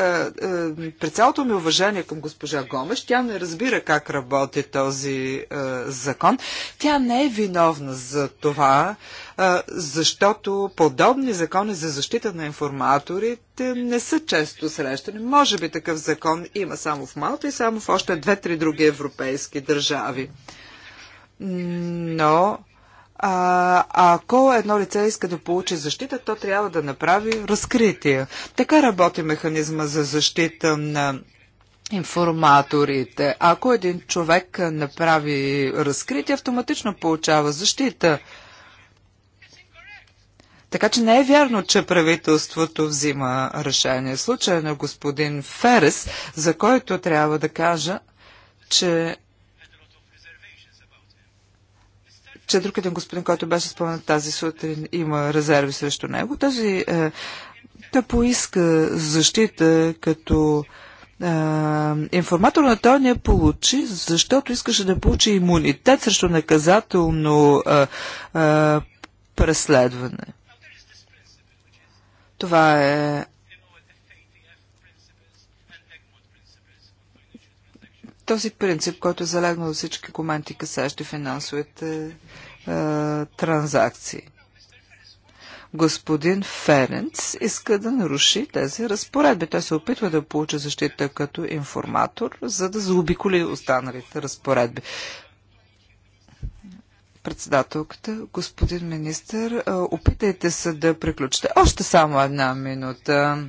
при цялото ми уважение към госпожа Гомеш, тя не разбира как работи този закон. Тя не е виновна за това, защото подобни закони за защита на информаторите не са често срещани. Може би такъв закон има само в Малта и само в още две-три други европейски държави. Но а, ако едно лице иска да получи защита, то трябва да направи разкритие. Така работи механизма за защита на информаторите. Ако един човек направи разкритие, автоматично получава защита. Така че не е вярно, че правителството взима решение. Случая е на господин Ферес, за който трябва да кажа, че че друг един господин, който беше споменат тази сутрин, има резерви срещу него. Този е, да поиска защита като е, информатор на той не получи, защото искаше да получи имунитет срещу наказателно е, е, преследване. Това е този принцип, който е залегнал всички коменти, касащи финансовите е, транзакции. Господин Ференц иска да наруши тези разпоредби. Той се опитва да получи защита като информатор, за да заобиколи останалите разпоредби. Председателката, господин министър, опитайте се да приключите. Още само една минута.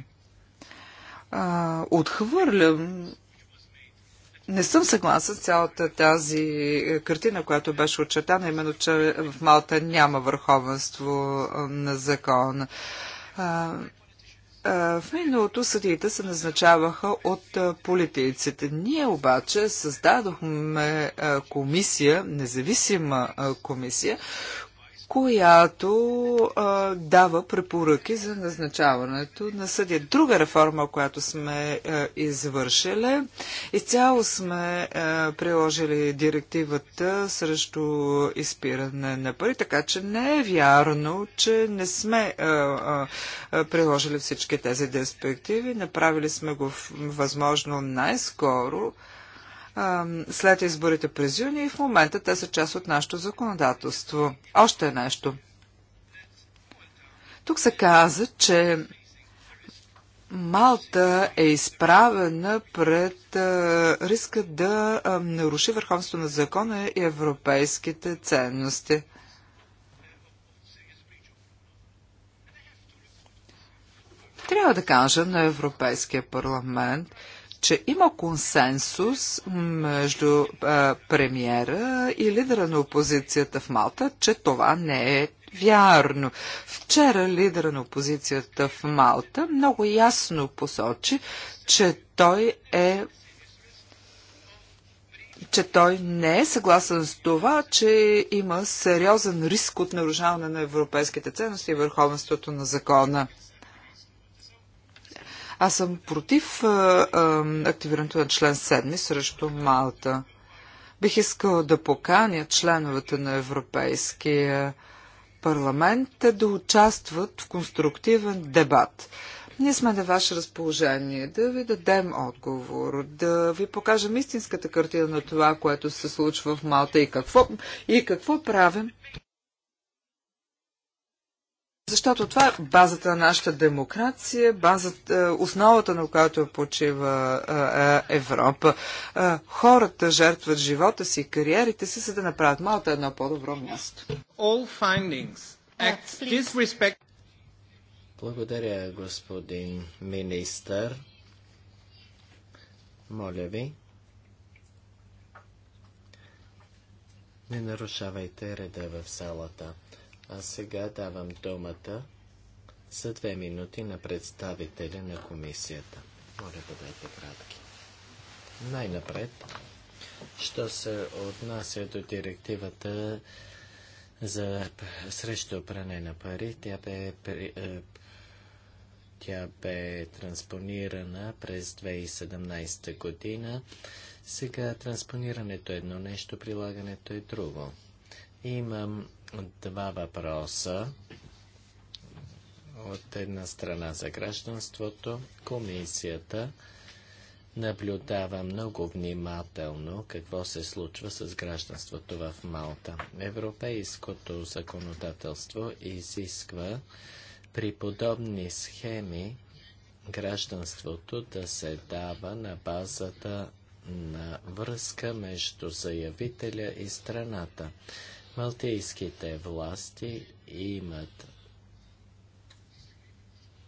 Отхвърлям не съм съгласен с цялата тази е, картина, която беше очертана, именно, че в Малта няма върховенство на закон. В миналото съдиите се назначаваха от политиците. Ние обаче създадохме комисия, независима комисия, която а, дава препоръки за назначаването на съдия. Друга реформа, която сме а, извършили, изцяло сме а, приложили директивата срещу изпиране на пари, така че не е вярно, че не сме а, а, приложили всички тези деспективи. Направили сме го възможно най-скоро след изборите през юни и в момента те са част от нашето законодателство. Още нещо. Тук се каза, че Малта е изправена пред риска да наруши върховенство на закона и европейските ценности. Трябва да кажа на Европейския парламент, че има консенсус между премьера премиера и лидера на опозицията в Малта, че това не е вярно. Вчера лидера на опозицията в Малта много ясно посочи, че той е че той не е съгласен с това, че има сериозен риск от нарушаване на европейските ценности и върховенството на закона. Аз съм против а, а, активирането на член 7 срещу Малта. Бих искал да поканя членовете на Европейския парламент да участват в конструктивен дебат. Ние сме на ваше разположение да ви дадем отговор, да ви покажем истинската картина на това, което се случва в Малта и какво, и какво правим защото това е базата на нашата демокрация, базата, е, основата на която почива е, е, Европа. хората жертват живота си, кариерите си, за да направят малко едно по-добро място. Благодаря, господин министър. Моля ви, не нарушавайте реда в салата. А сега давам думата за две минути на представителя на комисията. Моля, бъдете кратки. Най-напред, що се отнася до директивата за срещу пране на пари, тя бе, е, тя бе транспонирана през 2017 година. Сега транспонирането е едно нещо, прилагането е друго. Имам два въпроса. От една страна за гражданството, комисията наблюдава много внимателно какво се случва с гражданството в Малта. Европейското законодателство изисква при подобни схеми гражданството да се дава на базата на връзка между заявителя и страната. Малтийските власти имат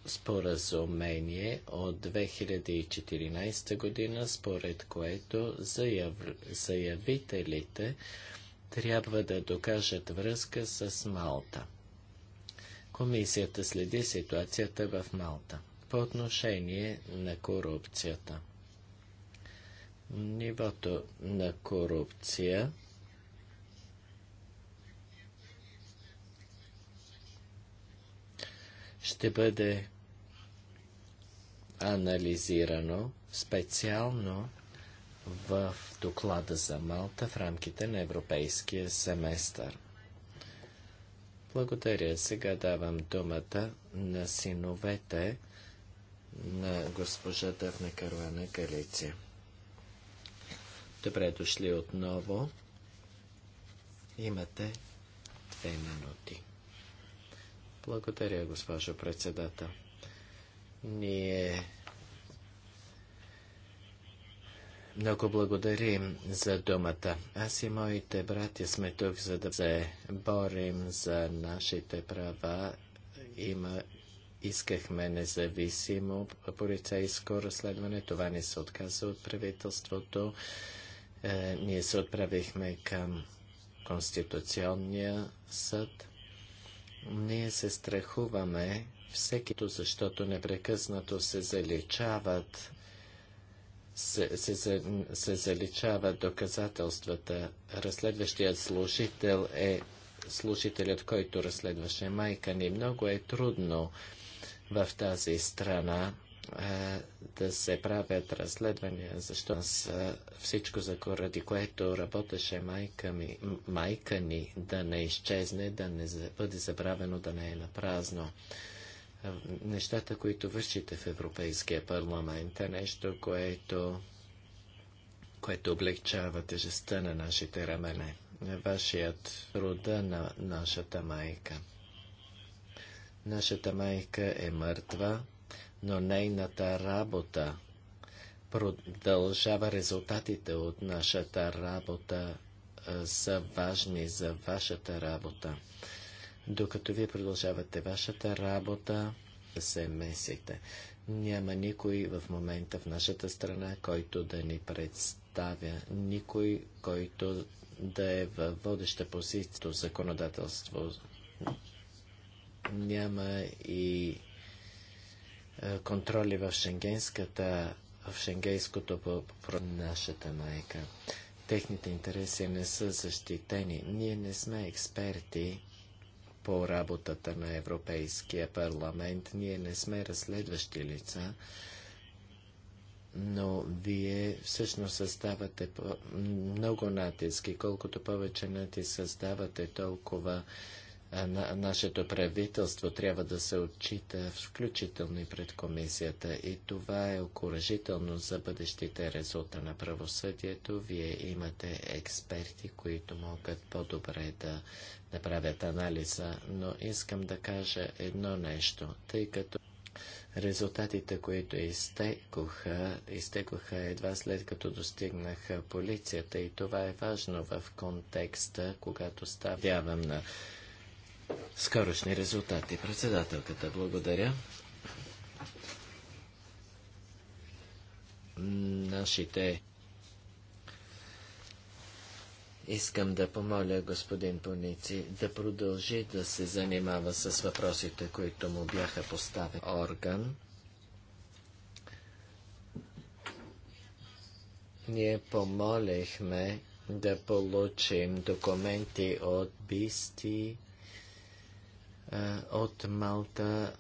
споразумение от 2014 година, според което заяв... заявителите трябва да докажат връзка с Малта. Комисията следи ситуацията в Малта по отношение на корупцията. Нивото на корупция ще бъде анализирано специално в доклада за Малта в рамките на европейския семестър. Благодаря. Сега давам думата на синовете на госпожа Дъвна Каруана Галиция. Добре дошли отново. Имате две минути. Благодаря, госпожо председател. Ние много благодарим за думата. Аз и моите братя сме тук, за да се борим за нашите права. Има Искахме независимо полицейско разследване. Това не се отказа от правителството. Е, ние се отправихме към Конституционния съд. Ние се страхуваме всекито, защото непрекъснато се заличават се, се, се, се заличават доказателствата. Разследващият служител е служителят, който разследваше майка ни. Много е трудно в тази страна е, да се правят разследвания, защото за е, всичко, за коради което работеше майка, ми, майка ни, да не изчезне, да не бъде забравено, да не е напразно. Е, нещата, които вършите в Европейския парламент, е нещо, което, което облегчава тежестта на нашите рамене, вашият рода на нашата майка. Нашата майка е мъртва, но нейната работа продължава. Резултатите от нашата работа са важни за вашата работа. Докато вие продължавате вашата работа, се месите. Няма никой в момента в нашата страна, който да ни представя, никой, който да е в водеща позиция законодателство. Няма и е, контроли в, шенгенската, в шенгенското по, по нашата майка. Техните интереси не са защитени. Ние не сме експерти по работата на Европейския парламент. Ние не сме разследващи лица, но вие всъщност създавате много натиски. Колкото повече натиск създавате, толкова на нашето правителство трябва да се отчита включително и пред комисията и това е окоръжително за бъдещите резулта на правосъдието. Вие имате експерти, които могат по-добре да направят анализа, но искам да кажа едно нещо, тъй като Резултатите, които изтекоха, изтекоха едва след като достигнаха полицията и това е важно в контекста, когато ставам на скорошни резултати. Председателката, благодаря. Нашите Искам да помоля господин Поници да продължи да се занимава с въпросите, които му бяха поставени. Орган. Ние помолихме да получим документи от Бисти, е, от Малта.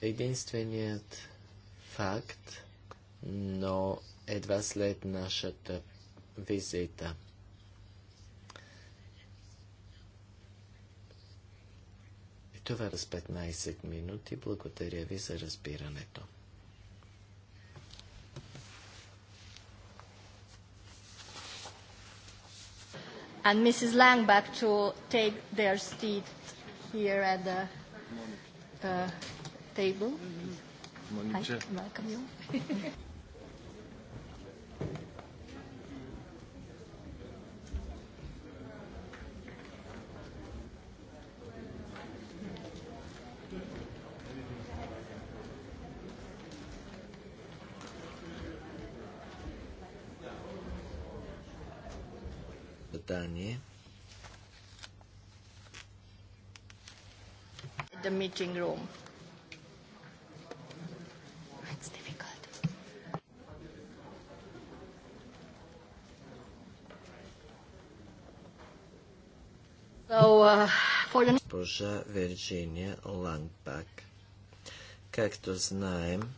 Единственият факт, но едва след нашата визита. И това раз 15 минути. Благодаря ви за разбирането. and Mrs. Langbach to take their seat here at the uh, table. I welcome you. meeting room. Uh, Госпожа Вирджиния Лангбак. Както знаем,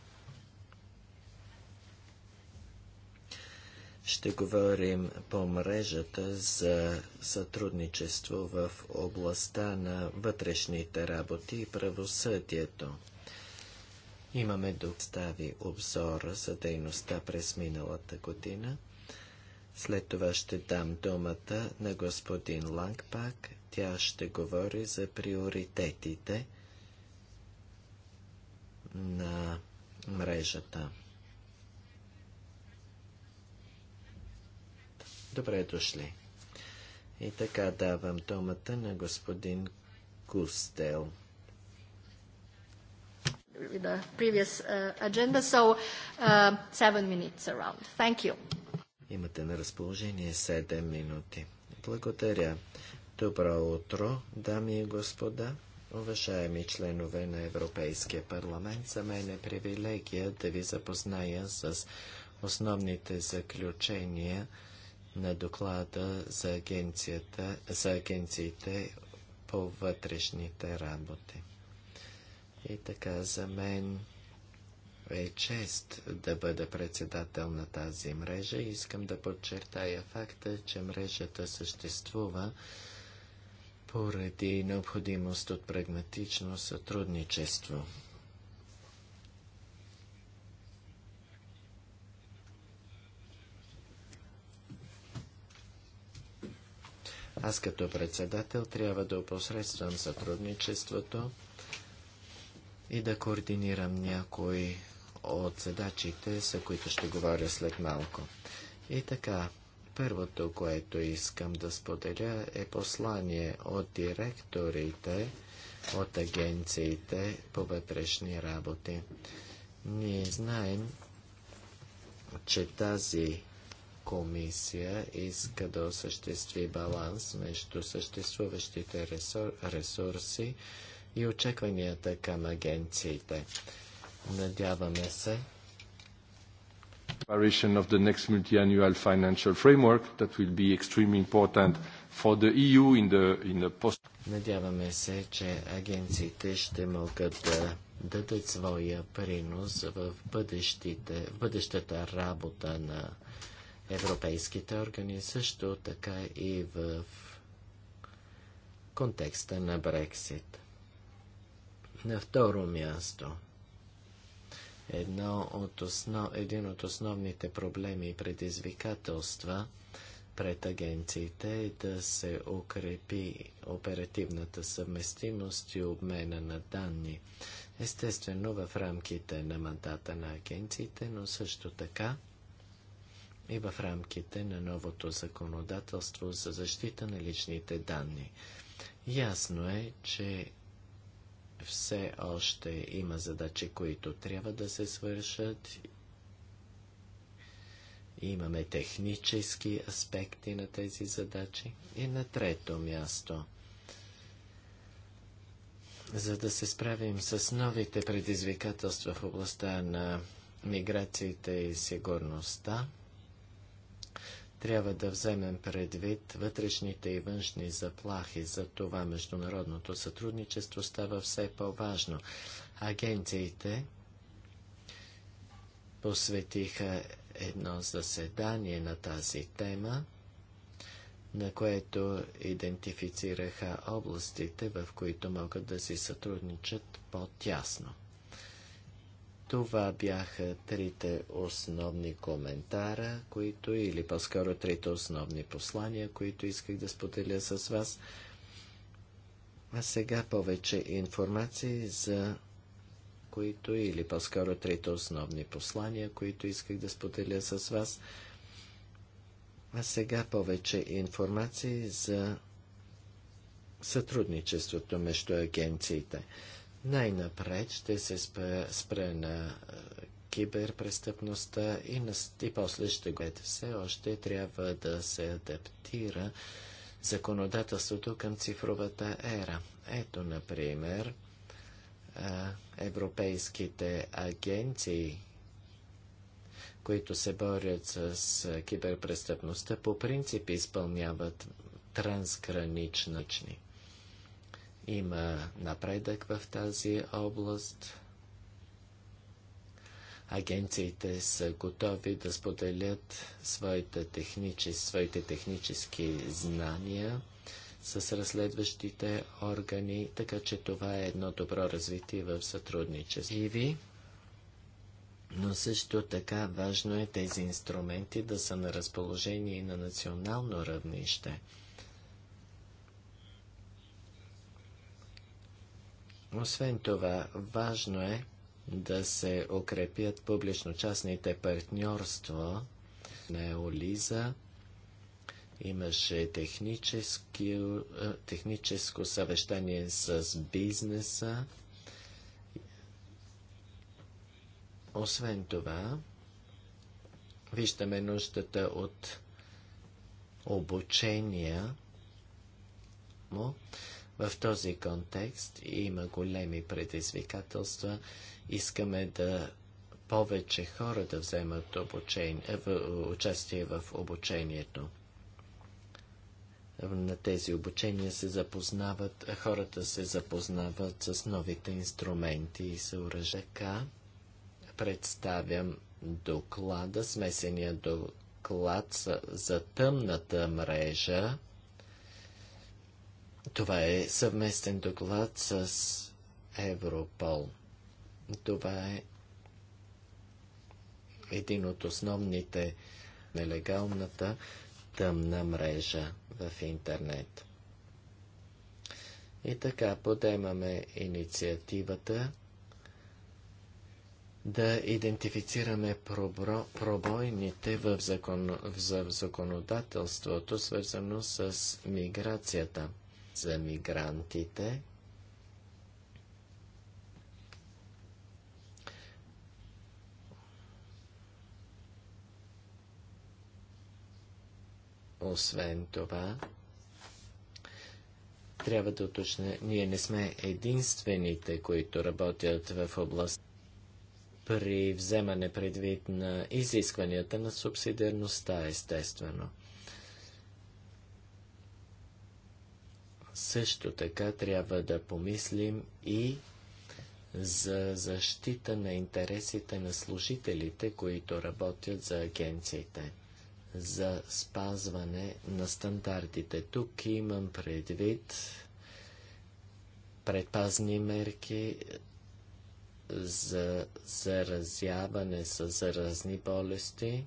ще говорим по мрежата за сътрудничество в областта на вътрешните работи и правосъдието. Имаме достави обзора за дейността през миналата година. След това ще дам думата на господин Лангпак. Тя ще говори за приоритетите на мрежата. Добре дошли. И така давам думата на господин Кустел. With previous uh, agenda, so uh, seven minutes around. Thank you. Имате на разположение 7 минути. Благодаря. Добро утро, дами и господа, уважаеми членове на Европейския парламент. За мен е привилегия да ви запозная с основните заключения на доклада за, агенцията, за агенциите по вътрешните работи. И така за мен е чест да бъда председател на тази мрежа. Искам да подчертая факта, че мрежата съществува поради необходимост от прагматично сътрудничество. Аз като председател трябва да опосредствам сътрудничеството и да координирам някои от задачите, за които ще говоря след малко. И така, първото, което искам да споделя е послание от директорите от агенциите по вътрешни работи. Ние знаем, че тази комисия иска да осъществи баланс между съществуващите ресур, ресурси и очакванията към агенциите. Надяваме се, preparation of the next multi-annual financial framework that will be extremely important for the EU in the, in the post. Надяваме се, че агенциите ще могат да дадат своя принос в в бъдещата работа на европейските органи, също така и в контекста на Брексит. На второ място, едно от основ... един от основните проблеми и предизвикателства пред агенциите е да се укрепи оперативната съвместимост и обмена на данни. Естествено, в рамките на мандата на агенциите, но също така и в рамките на новото законодателство за защита на личните данни. Ясно е, че все още има задачи, които трябва да се свършат. Имаме технически аспекти на тези задачи. И на трето място – за да се справим с новите предизвикателства в областта на миграциите и сигурността, трябва да вземем предвид вътрешните и външни заплахи, за това международното сътрудничество става все по-важно. Агенциите посветиха едно заседание на тази тема, на което идентифицираха областите, в които могат да си сътрудничат по-тясно. Това бяха трите основни коментара, които, или по-скоро трите основни послания, които исках да споделя с вас. А сега повече информации за които, или по-скоро трите основни послания, които исках да споделя с вас. А сега повече информации за сътрудничеството между агенциите. Най-напред ще се спре спре на киберпрестъпността и, на, и после ще го все още трябва да се адаптира законодателството към цифровата ера. Ето, например, европейските агенции, които се борят с киберпрестъпността, по принцип изпълняват трансгранични има напредък в тази област. Агенциите са готови да споделят своите, технически, своите технически знания с разследващите органи, така че това е едно добро развитие в сътрудничество. но също така важно е тези инструменти да са на разположение и на национално равнище – Освен това, важно е да се укрепят публично-частните партньорства на Еолиза. Имаше е, техническо съвещание с бизнеса. Освен това, виждаме нуждата от обучения му. В този контекст има големи предизвикателства. Искаме да повече хора да вземат обучение, участие в обучението. На тези обучения се запознават, хората се запознават с новите инструменти и съоръжа. Представям доклада, смесения доклад за тъмната мрежа това е съвместен доклад с Европол. Това е един от основните нелегалната тъмна мрежа в интернет. И така подемаме инициативата да идентифицираме пробро, пробойните в, закон, в законодателството, свързано с миграцията за мигрантите. Освен това, трябва да уточня, ние не сме единствените, които работят в област при вземане предвид на изискванията на субсидиарността, естествено. Също така трябва да помислим и за защита на интересите на служителите, които работят за агенциите, за спазване на стандартите. Тук имам предвид предпазни мерки за заразяване с заразни болести.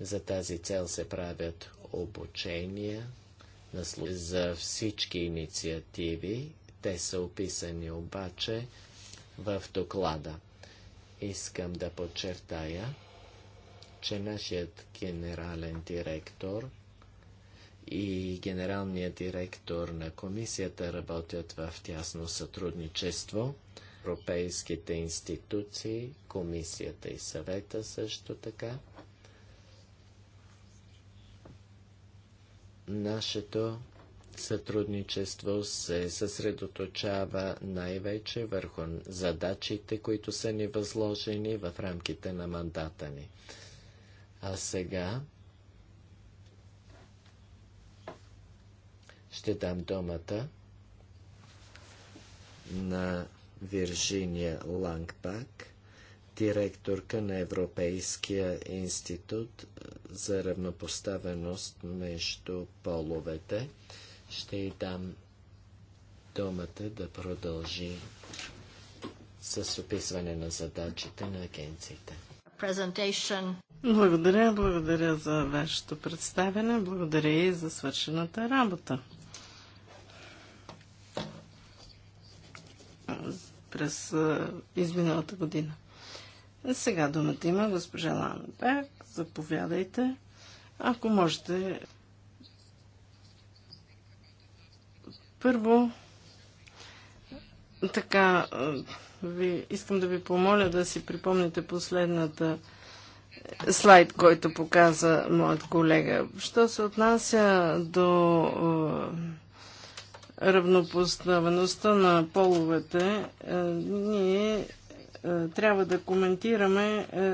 За тази цел се правят обучения за всички инициативи. Те са описани обаче в доклада. Искам да подчертая, че нашият генерален директор и генералният директор на комисията работят в тясно сътрудничество. Европейските институции, комисията и съвета също така. Нашето сътрудничество се съсредоточава най-вече върху задачите, които са ни възложени в рамките на мандата ни. А сега ще дам думата на Виржиния Лангбак – директорка на Европейския институт за равнопоставеност между половете. Ще й дам думата да продължи с описване на задачите на агенциите. Благодаря, благодаря за вашето представяне, благодаря и за свършената работа. през изминалата година. Сега думата има госпожа Ланберг. Заповядайте. Ако можете. Първо, така, ви, искам да ви помоля да си припомните последната слайд, който показа моят колега. Що се отнася до равнопоставеността на половете, ние е, трябва да коментираме е,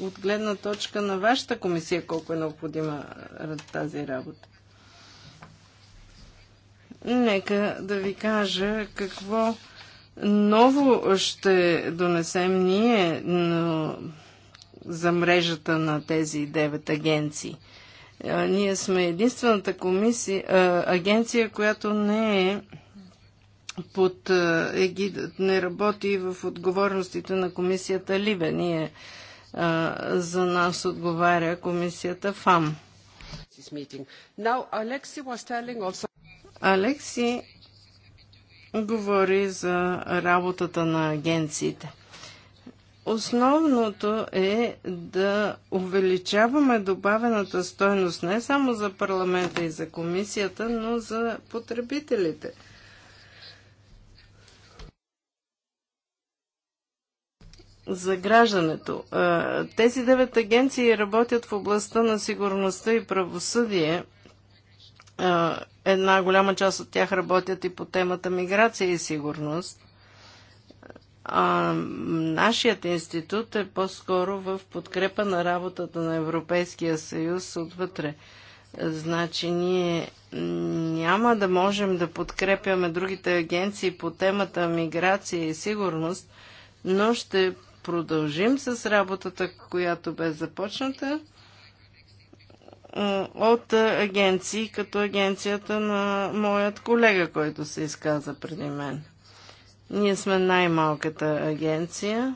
от гледна точка на вашата комисия колко е необходима е, тази работа. Нека да ви кажа какво ново ще донесем ние за мрежата на тези девет агенции. Ние сме единствената комисия, агенция, която не е под егида, не работи в отговорностите на комисията Либе. Ние а, за нас отговаря комисията ФАМ. Алекси говори за работата на агенциите. Основното е да увеличаваме добавената стойност не само за парламента и за комисията, но за потребителите – За граждането. Тези девет агенции работят в областта на сигурността и правосъдие. Една голяма част от тях работят и по темата миграция и сигурност. А, нашият институт е по-скоро в подкрепа на работата на Европейския съюз отвътре. Значи ние няма да можем да подкрепяме другите агенции по темата миграция и сигурност, но ще продължим с работата, която бе започната от агенции, като агенцията на моят колега, който се изказа преди мен. Ние сме най-малката агенция.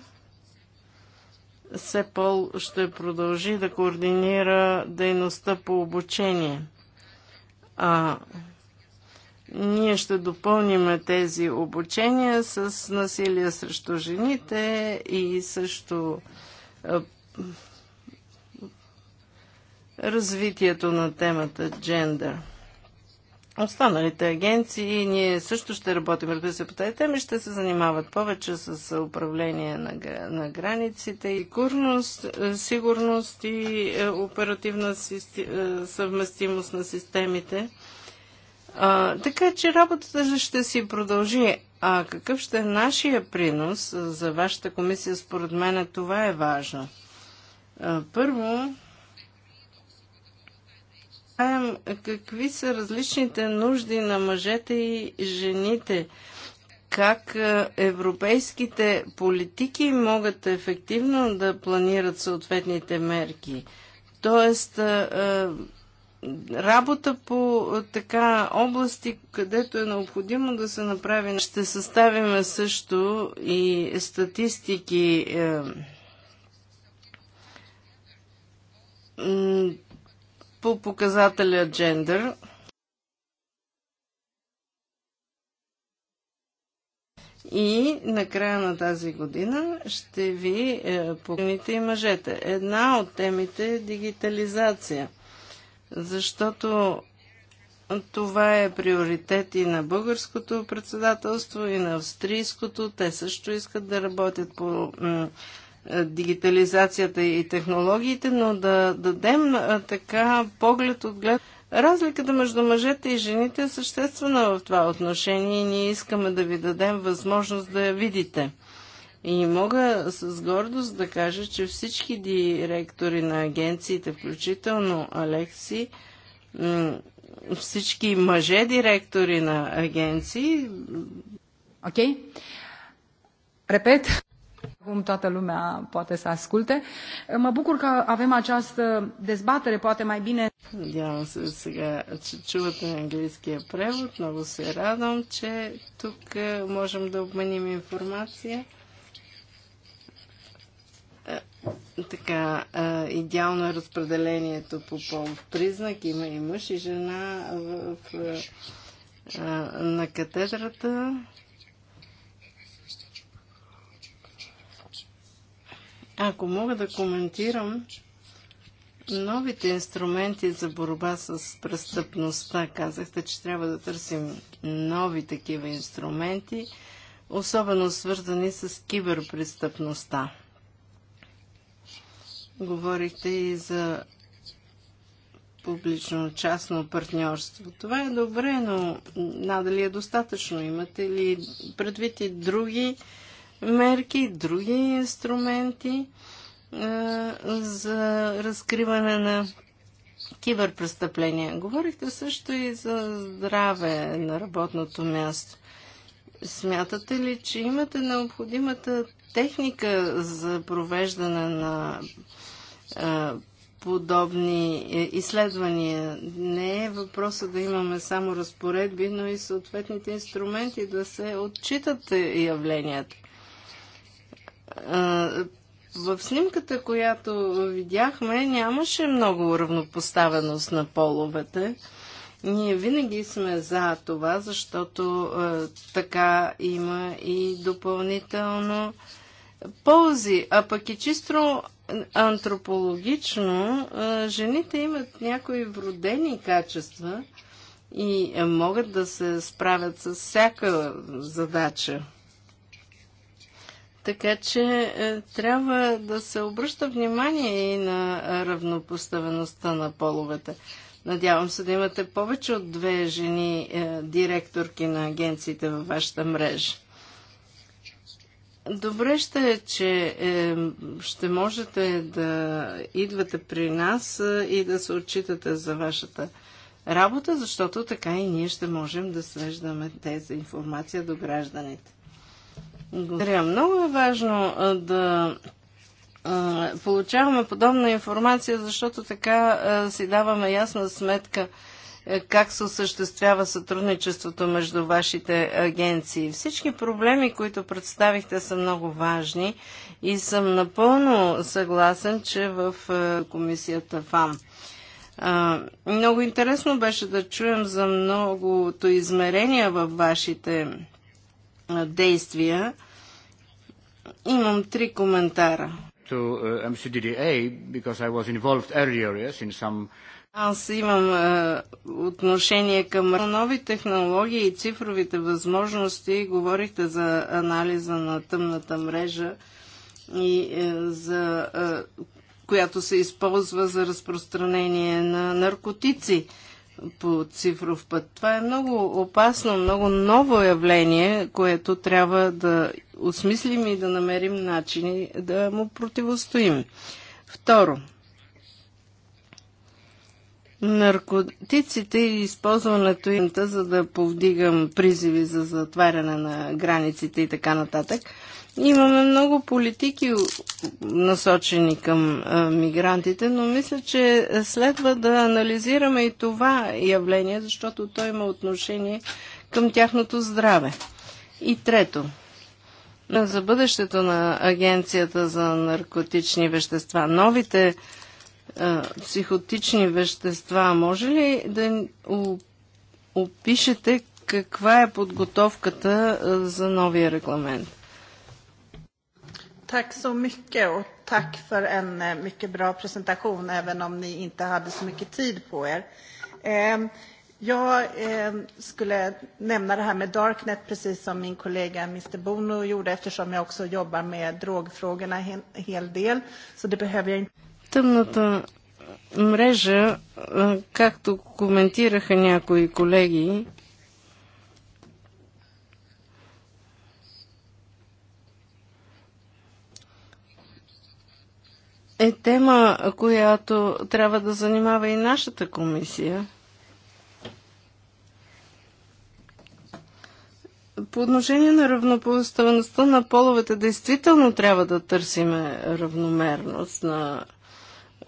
СЕПОЛ ще продължи да координира дейността по обучение. А ние ще допълним тези обучения с насилие срещу жените и също развитието на темата джендър. Останалите агенции, ние също ще работим, върху се, по тази теми, ще се занимават повече с управление на, на границите и курност, е, сигурност и е, оперативна е, съвместимост на системите. А, така че работата ще си продължи. А какъв ще е нашия принос за вашата комисия? Според мен това е важно. А, първо, знаем какви са различните нужди на мъжете и жените, как европейските политики могат ефективно да планират съответните мерки. Тоест, работа по така области, където е необходимо да се направи. Ще съставиме също и статистики е, по показателя джендър. И на края на тази година ще ви е, и мъжете. Една от темите е дигитализация – защото това е приоритет и на българското председателство, и на австрийското. Те също искат да работят по е, дигитализацията и технологиите, но да дадем е, така поглед от глед. Разликата между мъжете и жените е съществена в това отношение и ние искаме да ви дадем възможност да я видите. И мога с гордост да кажа, че всички директори на агенциите, включително Алекси, всички мъже директори на агенции. Окей. Okay. Repet, cum toată lumea poate să asculte. Mă bucur că avem această dezbatere, poate mai bine. Надявам се сега, че чувате английския превод. Много се радвам, че тук е, можем да обменим информация така, идеално е разпределението по пол признак. Има и мъж и жена в, в, на катедрата. Ако мога да коментирам новите инструменти за борба с престъпността, казахте, че трябва да търсим нови такива инструменти, особено свързани с киберпрестъпността. Говорихте и за публично-частно партньорство. Това е добре, но надали е достатъчно. Имате ли предвид и други мерки, други инструменти а, е, за разкриване на киберпрестъпления? Говорихте също и за здраве на работното място. Смятате ли, че имате необходимата техника за провеждане на а, подобни е, изследвания? Не е въпроса да имаме само разпоредби, но и съответните инструменти да се отчитат явленията. в снимката, която видяхме, нямаше много равнопоставеност на половете. Ние винаги сме за това, защото е, така има и допълнително ползи. А пък и чисто антропологично, е, жените имат някои вродени качества и е, могат да се справят с всяка задача. Така че е, трябва да се обръща внимание и на равнопоставеността на половете. Надявам се да имате повече от две жени е, директорки на агенциите във вашата мрежа. Добре ще е, че е, ще можете да идвате при нас е, и да се отчитате за вашата работа, защото така и ние ще можем да свеждаме тези информация до гражданите. Благодаря. Много е важно да Получаваме подобна информация, защото така си даваме ясна сметка е, как се осъществява сътрудничеството между вашите агенции. Всички проблеми, които представихте, са много важни и съм напълно съгласен, че в е, комисията ФАМ. много интересно беше да чуем за многото измерения във вашите е, действия. Имам три коментара to uh, MCDDA because I was involved earlier yes, in some аз имам а, е, отношение към нови технологии и цифровите възможности. Говорихте за анализа на тъмната мрежа, и, а, е, за, а, е, която се използва за разпространение на наркотици. А, по цифров път. Това е много опасно, много ново явление, което трябва да осмислим и да намерим начини да му противостоим. Второ, наркотиците и използването им, за да повдигам призиви за затваряне на границите и така нататък – Имаме много политики насочени към а, мигрантите, но мисля, че следва да анализираме и това явление, защото то има отношение към тяхното здраве. И трето, за бъдещето на Агенцията за наркотични вещества, новите а, психотични вещества, може ли да опишете каква е подготовката за новия регламент? Tack så mycket och tack för en mycket bra presentation även om ni inte hade så mycket tid på er. Jag skulle nämna det här med Darknet precis som min kollega Mr Bono gjorde eftersom jag också jobbar med drogfrågorna en hel del. Så det behöver jag inte. мрежа, както коментираха някои колеги, е тема, която трябва да занимава и нашата комисия. По отношение на равнопоставеността на половете, действително трябва да търсиме равномерност на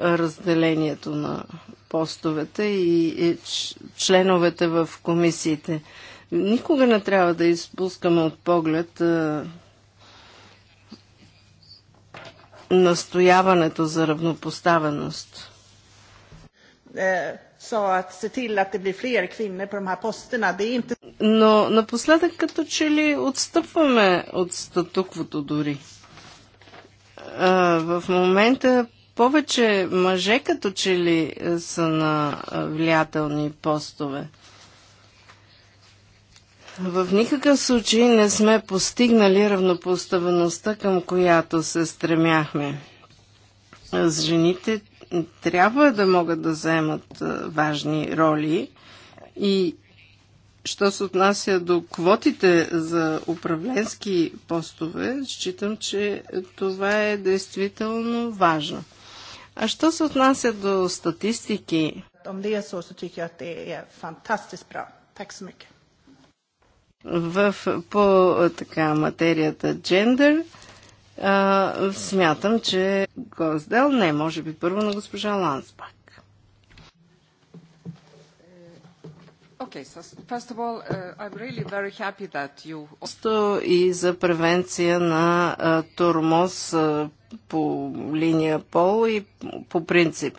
разделението на постовете и членовете в комисиите. Никога не трябва да изпускаме от поглед настояването за равнопоставеност. Е, е Но напоследък като че ли отстъпваме от статуквото дори. Е, в момента повече мъже като че ли са на влиятелни постове. В никакъв случай не сме постигнали равнопоставеността, към която се стремяхме. С жените трябва да могат да заемат важни роли и що се отнася до квотите за управленски постове, считам, че това е действително важно. А що се отнася до статистики? Om det är så så tycker jag att det är fantastiskt bra. Tack så mycket в, по така, материята джендър, а, смятам, че Госдел не, може би първо на госпожа Лансбак. Uh, Просто И за превенция на а, тормоз а, по линия пол и по принцип.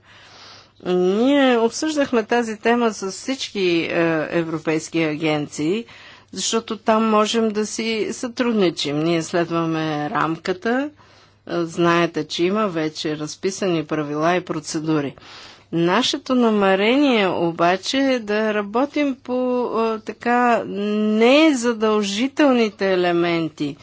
Ние обсъждахме тази тема с всички а, е, европейски агенции. А, защото там можем да си сътрудничим. Ние следваме рамката, е, знаете, че има вече разписани правила и процедури. Нашето намерение обаче е да работим по е, така незадължителните елементи.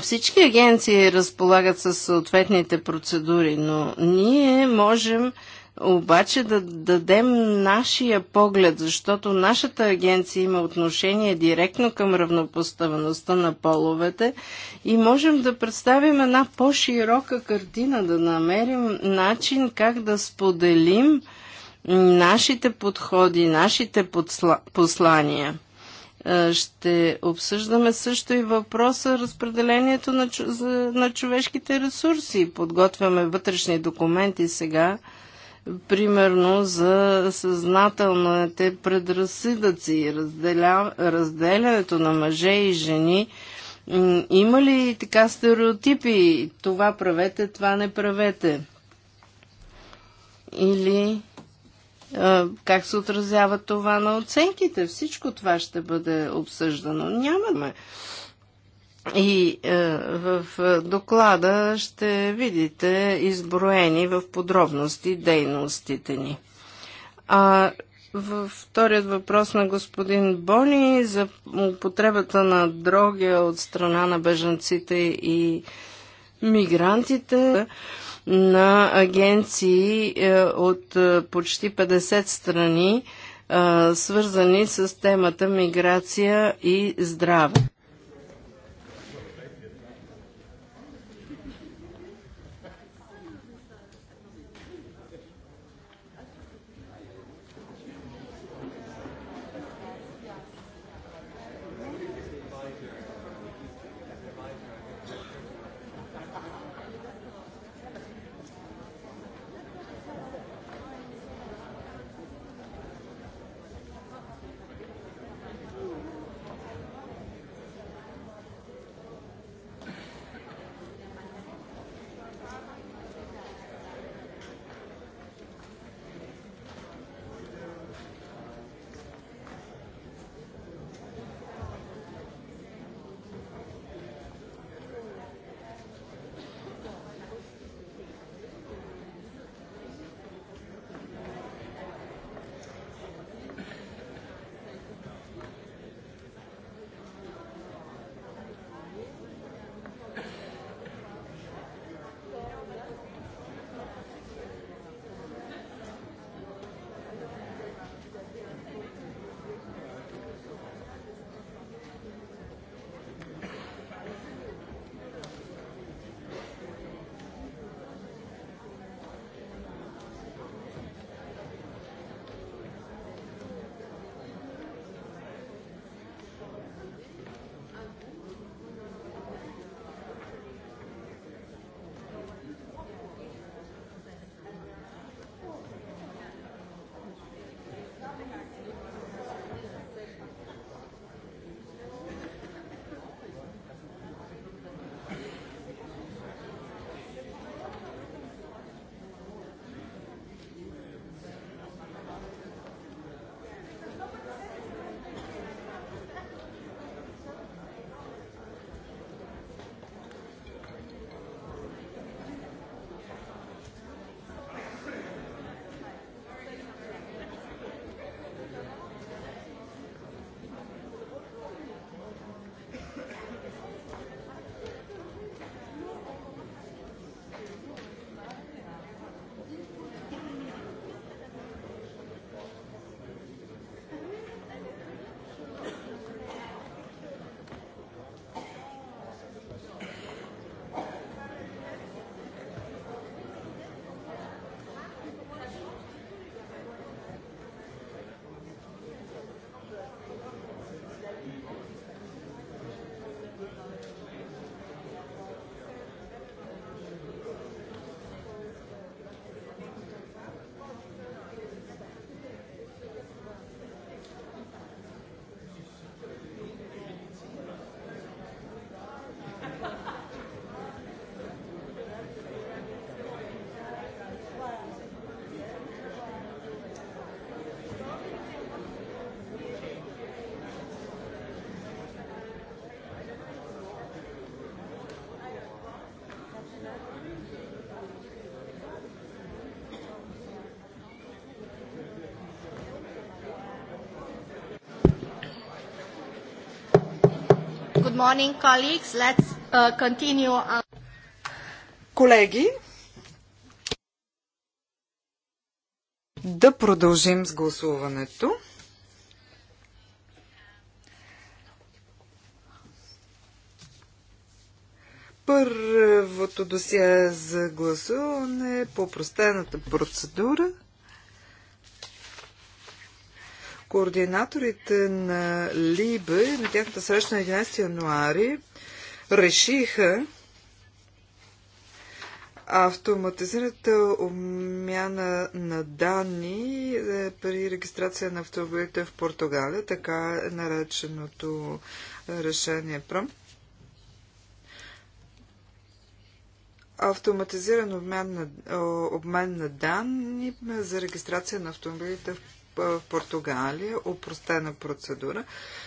Всички агенции разполагат със съответните процедури, но ние можем обаче да дадем нашия поглед, защото нашата агенция има отношение директно към равнопоставеността на половете и можем да представим една по-широка картина, да намерим начин как да споделим нашите подходи, нашите подсла... послания. Е, ще обсъждаме също и въпроса разпределението на, на човешките ресурси. Подготвяме вътрешни документи сега примерно за съзнателните предразсъдъци, разделя, разделянето на мъже и жени. Има ли така стереотипи? Това правете, това не правете. Или как се отразява това на оценките? Всичко това ще бъде обсъждано. Нямаме и е, в доклада ще видите изброени в подробности дейностите ни. А във вторият въпрос на господин Бони за употребата на дроги от страна на бежанците и мигрантите на агенции е, от е, почти 50 страни, е, свързани с темата миграция и здраве. morning, colleagues. Let's uh, continue. On... Колеги, да продължим с гласуването. Първото досие за гласуване по простената процедура – Координаторите на Либе на тяхната среща на 11 януари решиха автоматизираната обмяна на данни е, при регистрация на автомобилите в Португалия, така е нареченото е, решение ПРОМ. автоматизиран обмен на, обмен на данни за регистрация на автомобилите в в Португалия, упростена процедура.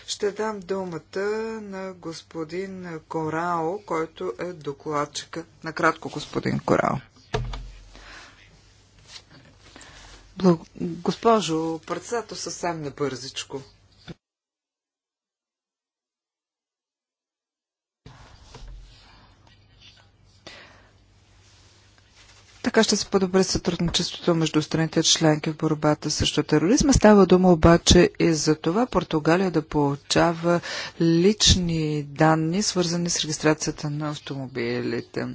Ще дам думата на господин Корао, който е докладчика. Накратко, господин Корао. Госпожо председател, съвсем набързичко. Така ще се подобри сътрудничеството между страните членки в борбата срещу тероризма. Става дума обаче и за това Португалия да получава лични данни, свързани с регистрацията на автомобилите.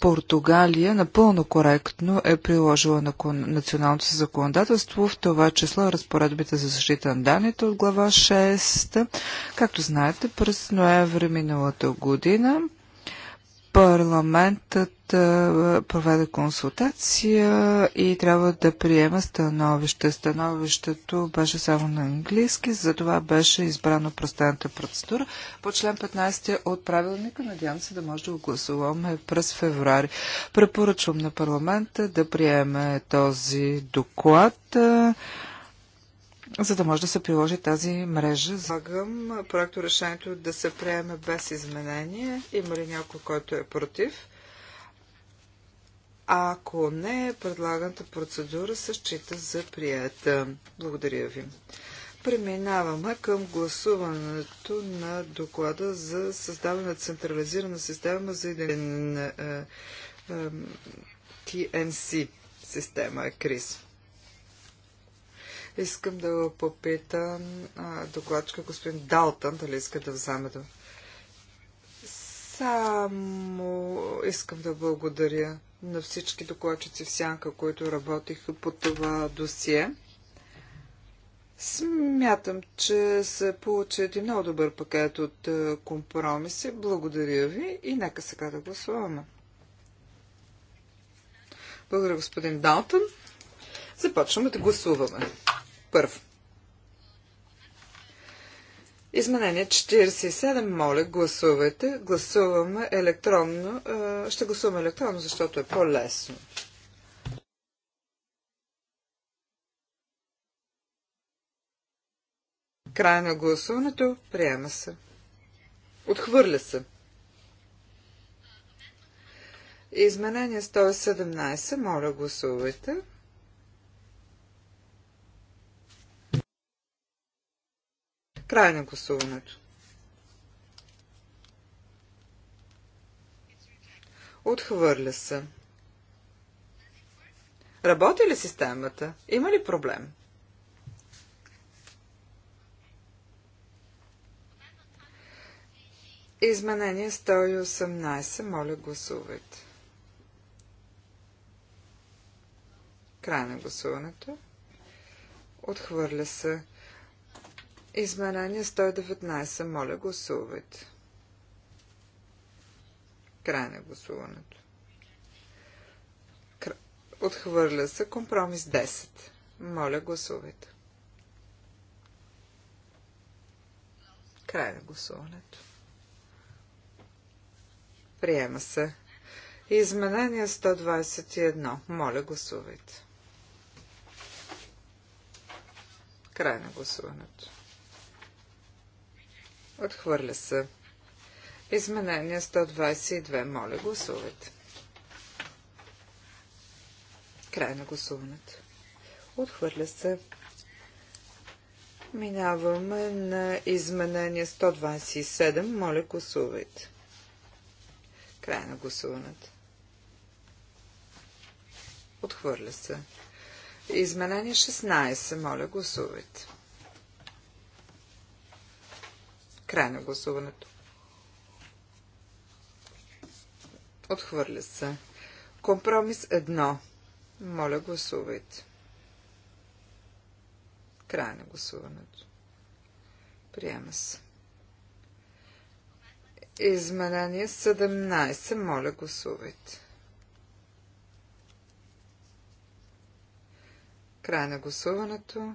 Португалия напълно коректно е приложила на националното си законодателство, в това число разпоредбите за защита на данните от глава 6. Както знаете, през ноември миналата година Парламентът проведе консултация и трябва да приема становище. Становището беше само на английски, затова беше избрана простената процедура по член 15 от правилника. Надявам се да може да го гласуваме през февруари. Препоръчвам на парламента да приеме този доклад за да може да се приложи тази мрежа. Слагам проекто решението да се приеме без изменение. Има ли някой, който е против? Ако не, предлаганата процедура се счита за прията. Благодаря ви. Преминаваме към гласуването на доклада за създаване на централизирана система за един TNC е, е, система КРИС. Искам да попитам докладчика господин Далтън, дали иска да вземе да... Само искам да благодаря на всички докладчици в Сянка, които работиха по това досие. Смятам, че се получи един много добър пакет от компромиси. Благодаря ви и нека сега да гласуваме. Благодаря, господин Далтън. Започваме да гласуваме. Първо. Изменение 47, моля, гласувайте. Гласуваме електронно. Ще гласуваме електронно, защото е по-лесно. Край на гласуването. Приема се. Отхвърля се. Изменение 117. Моля, гласувайте. Край на гласуването. Отхвърля се. Работи ли системата? Има ли проблем? Изменение 118. Моля, гласувайте. Край на гласуването. Отхвърля се. Изменение 119. Моля, гласувайте. Край на гласуването. Отхвърля се компромис 10. Моля, гласувайте. Край на гласуването. Приема се. Изменение 121. Моля, гласувайте. Край на гласуването. Отхвърля се. Изменение 122. Моля, гласувайте. Край на гласуването. Отхвърля се. Минаваме на изменение 127. Моля, гласувайте. Край на гласуването. Отхвърля се. Изменение 16. Моля, гласувайте. Край на гласуването. Отхвърля се. Компромис 1. Моля, гласувайте. Край на гласуването. Приема се. Изменение 17. Моля, гласувайте. Край на гласуването.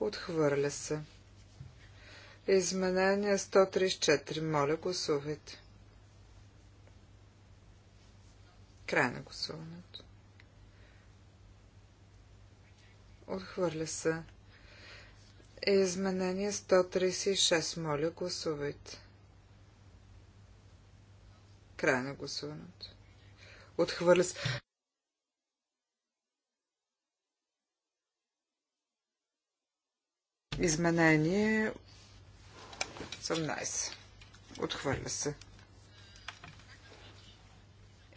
Отхвърля се. Изменение 134. Моля, гласувайте. Край на гласуването. Отхвърля се. Изменение 136. Моля, гласувайте. Край на гласуването. Отхвърля се. Изменение 18. Отхвърля се.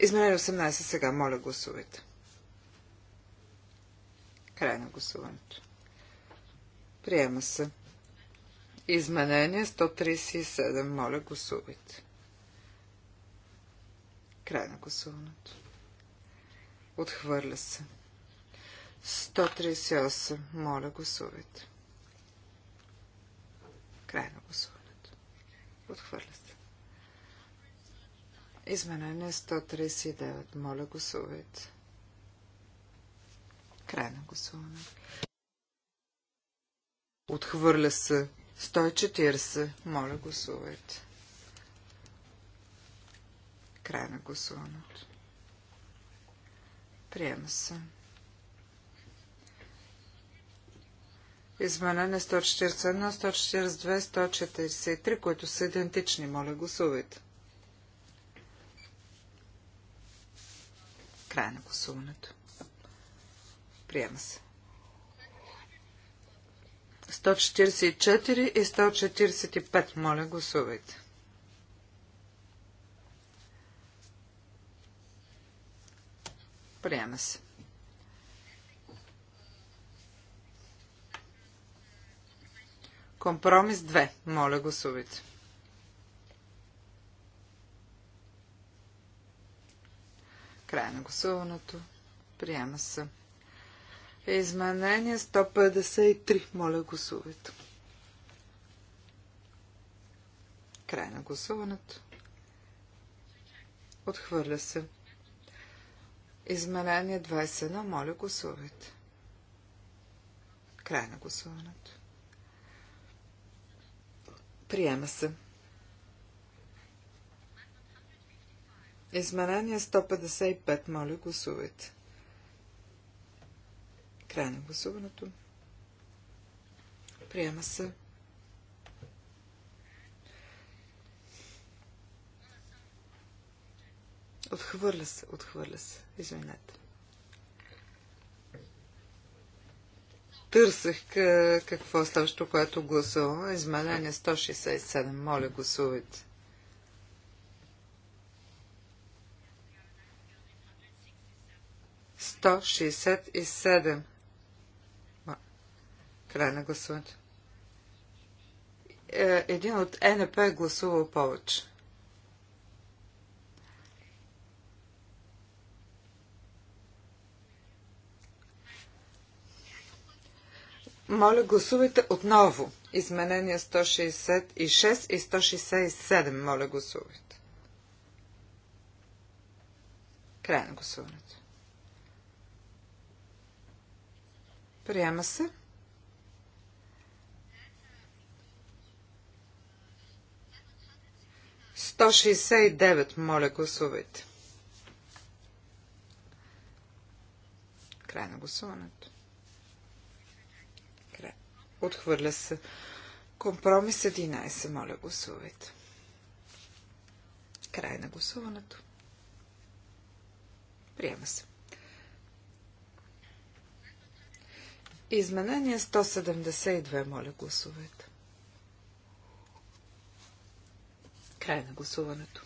Изменение 18 сега. Моля, гласувайте. Край на гласуването. Приема се. Изменение 137. Моля, гласувайте. Край на гласуването. Отхвърля се. 138. Моля, гласувайте. Край на гласуването. Отхвърля се. Изменение 139. Моля, гласувайте. Край на гласуване. Отхвърля се. 140. Моля, гласувайте. Край на гласуването. Приема се. Изменение 141, 142, 143, които са идентични. Моля, гласувайте. Край на гласуването. Приема се. 144 и 145. Моля, гласувайте. Приема се. Компромис 2. Моля, гласувайте. Край на гласуването. Приема се. Изменение 153. Моля, гласувайте. Край на гласуването. Отхвърля се. Изменение 21. Моля, гласувайте. Край на гласуването. Приема се. Изменение 155. Моля, гласувайте. Край на гласуването. Приема се. Отхвърля се, отхвърля се. Извинете. търсех какво е следващото, което гласуваме. Изменение 167. Моля, гласувайте. Край на гласуването. Е, един от НП е гласувал повече. Моля, гласувайте отново. Изменения 166 и 167. Моля, гласувайте. Край на гласуването. Приема се. Сто шестдесет и девет. Моля, гласувайте. Край на гласуването. Отхвърля се. Компромис 11. Моля, гласувайте. Край на гласуването. Приема се. Изменение 172. Моля, гласувайте. Край на гласуването.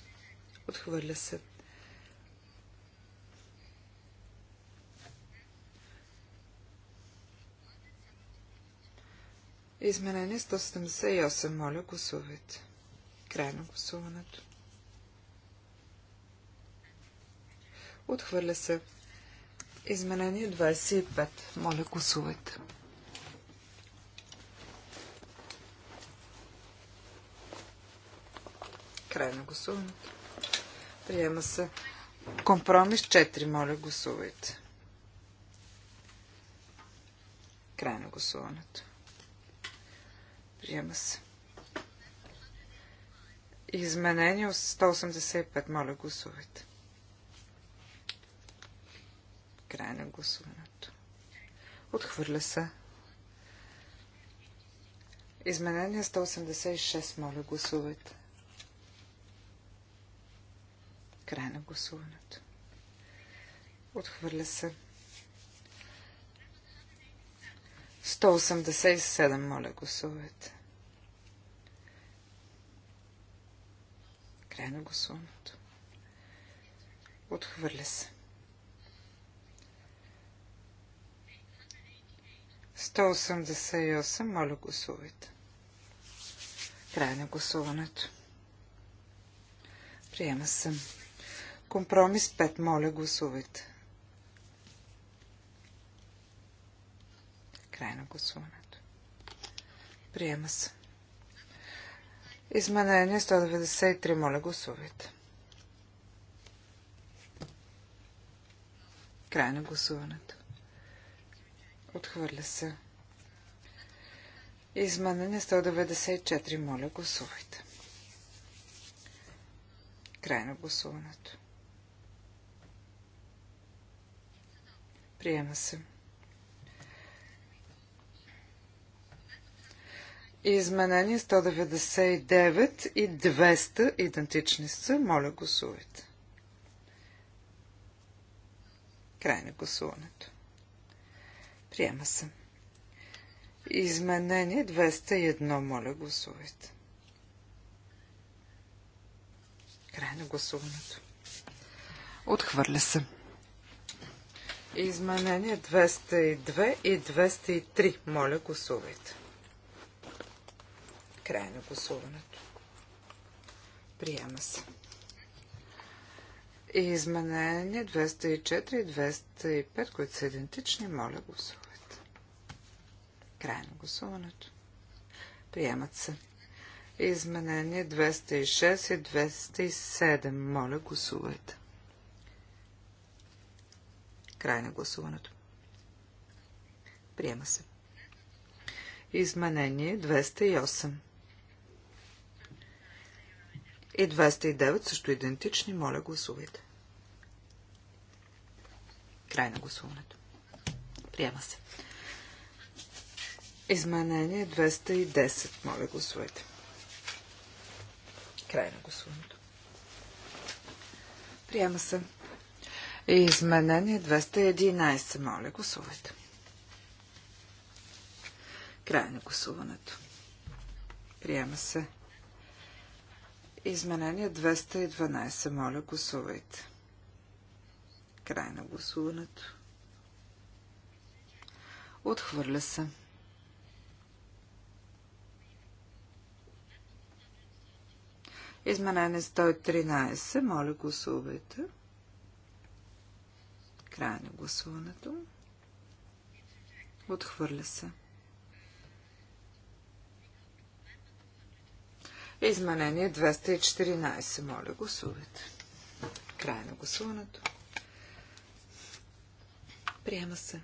Отхвърля се. Изменение 178. Моля, гласувайте. Край на гласуването. Отхвърля се. Изменение 25. Моля, гласувайте. Край на гласуването. Приема се. Компромис 4. Моля, гласувайте. Край на гласуването. Приема се. Изменение от 185. Моля, гласувайте. Край на гласуването. Отхвърля се. Изменение 186. Моля, гласувайте. Край на гласуването. Отхвърля се. 187, моля, гласувайте. Край на гласуването. Отхвърля се. 188, моля, гласувайте. Край на гласуването. Приема съм. Компромис 5, моля, гласувайте. Край на гласуването. Приема се. Изменение 193. Моля, гласувайте. Край на гласуването. Отхвърля се. Изменение 194. Моля, гласувайте. Край на гласуването. Приема се. Изменени 199 и 200 идентични са. Моля, гласувайте. Край на гласуването. Приема се. Изменение 201. Моля, гласувайте. Край на гласуването. Отхвърля се. Изменение 202 и 203. Моля, гласувайте края на гласуването. Приема се. И изменение 204 и 205, които са идентични, моля гласувайте. Край на гласуването. Приемат се. Изменение 206 и 207. Моля, гласувайте. Край на гласуването. Приема се. Изменение 208 и 209 също идентични. Моля, гласувайте. Край на гласуването. Приема се. Изменение 210. Моля, гласувайте. Край на гласуването. Приема се. Изменение 211. Моля, гласувайте. Край на гласуването. Приема се. Изменение 212. Моля, гласувайте. Край на гласуването. Отхвърля се. Изменение 113. Моля, гласувайте. Край на гласуването. Отхвърля се. Изменение 214. Моля, гласувайте. Край на гласуването. Приема се.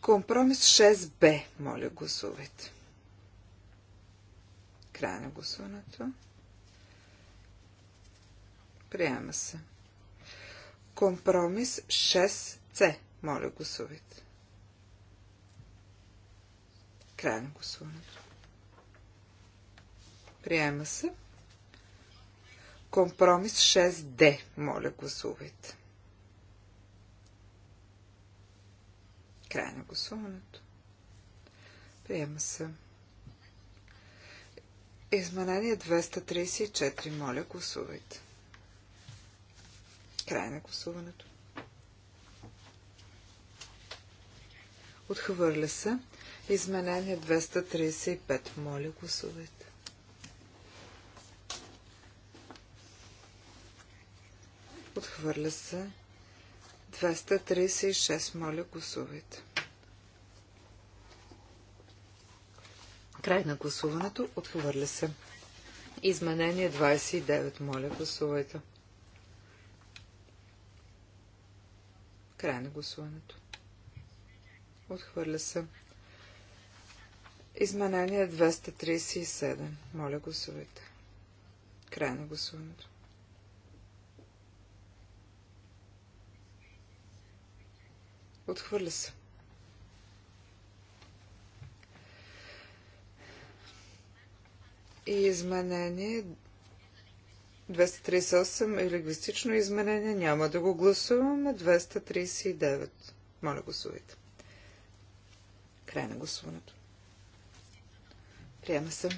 Компромис 6Б. Моля, гласувайте. Край на гласуването. Приема се. Компромис 6 c Моля, гласувайте. Край на гласуването. Приема се. Компромис 6D. Моля, гласувайте. Край на гласуването. Приема се. Изменение 234. Моля, гласувайте. Край на гласуването. Отхвърля се. Изменение 235. Моля, гласувайте. Отхвърля се. 236. Моля, гласувайте. Край на гласуването. Отхвърля се. Изменение 29. Моля, гласувайте. Край на гласуването. Отхвърля се. Изменение 237. Моля, гласувайте. Край на гласуването. Отхвърля се. И изменение 238 и лингвистично изменение. Няма да го гласуваме. 239. Моля, гласувайте. Край на гласуването. Приема се.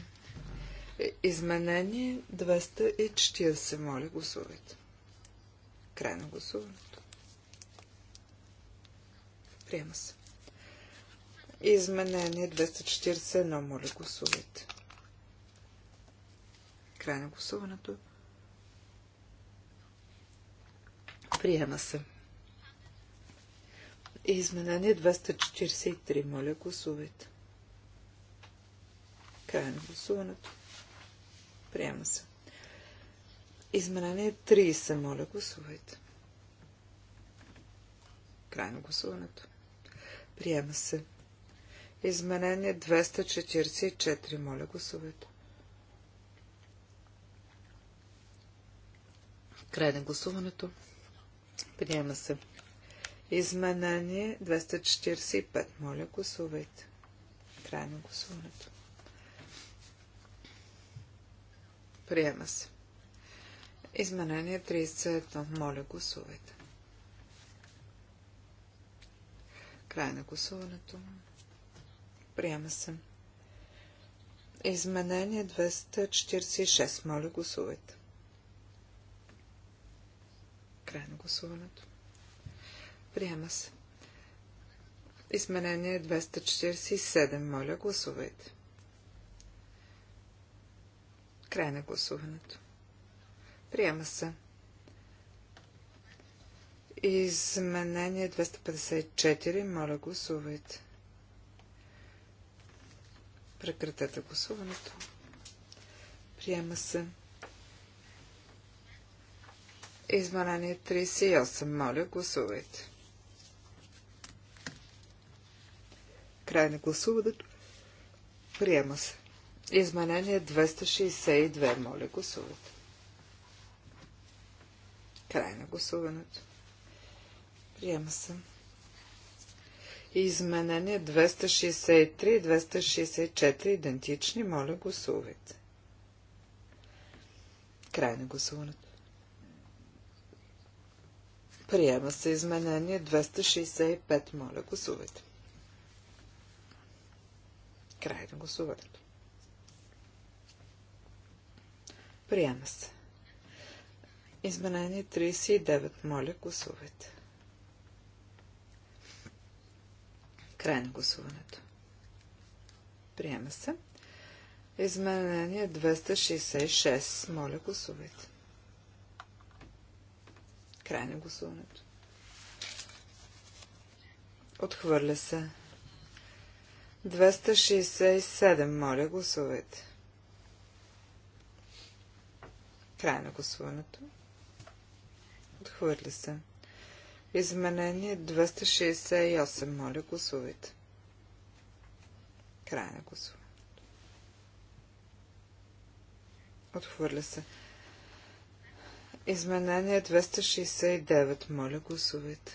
Изменение 240. Моля, гласувайте. Край на гласуването. Приема се. Изменение 241. Моля, гласувайте. Край на гласуването. Приема се. Изменение 243. Моля, гласувайте. Край на гласуването. Приема се. Изменение 30. Моля, гласувайте. Край на гласуването. Приема се. Изменение 244. Моля, гласовете. Край на гласуването. Приема се. Изменение 245. Моля, гласовете. Край на гласуването. Приема се. Изменение 31. Моля, гласовете. Край на гласуването. Приема се. Изменение 246. Моля, гласувайте. Край на гласуването. Приема се. Изменение 247. Моля, гласувайте. Край на гласуването. Приема се. Изменение 254. Моля, гласувайте. Прекратете гласуването. Приема се. Изменение 38. Моля, гласувайте. Край на гласуването. Приема се. Изменение 262. Моля, гласувайте. Край на гласуването. Приема се. Изменение 263 и 264 идентични. Моля, гласувайте. Край на гласуването. Приема се изменение 265. Моля, гласувайте. Край на гласуването. Приема се. Изменение 39. Моля, гласувайте. Край на гласуването. Приема се. Изменение 266. Моля, гласувайте. Край на гласуването. Отхвърля се. 267. Моля, гласувайте. Край на гласуването. Отхвърля се. Изменение 268. Моля, гласувайте. Край на гласуването. Отхвърля се. Изменение 269. Моля, гласувайте.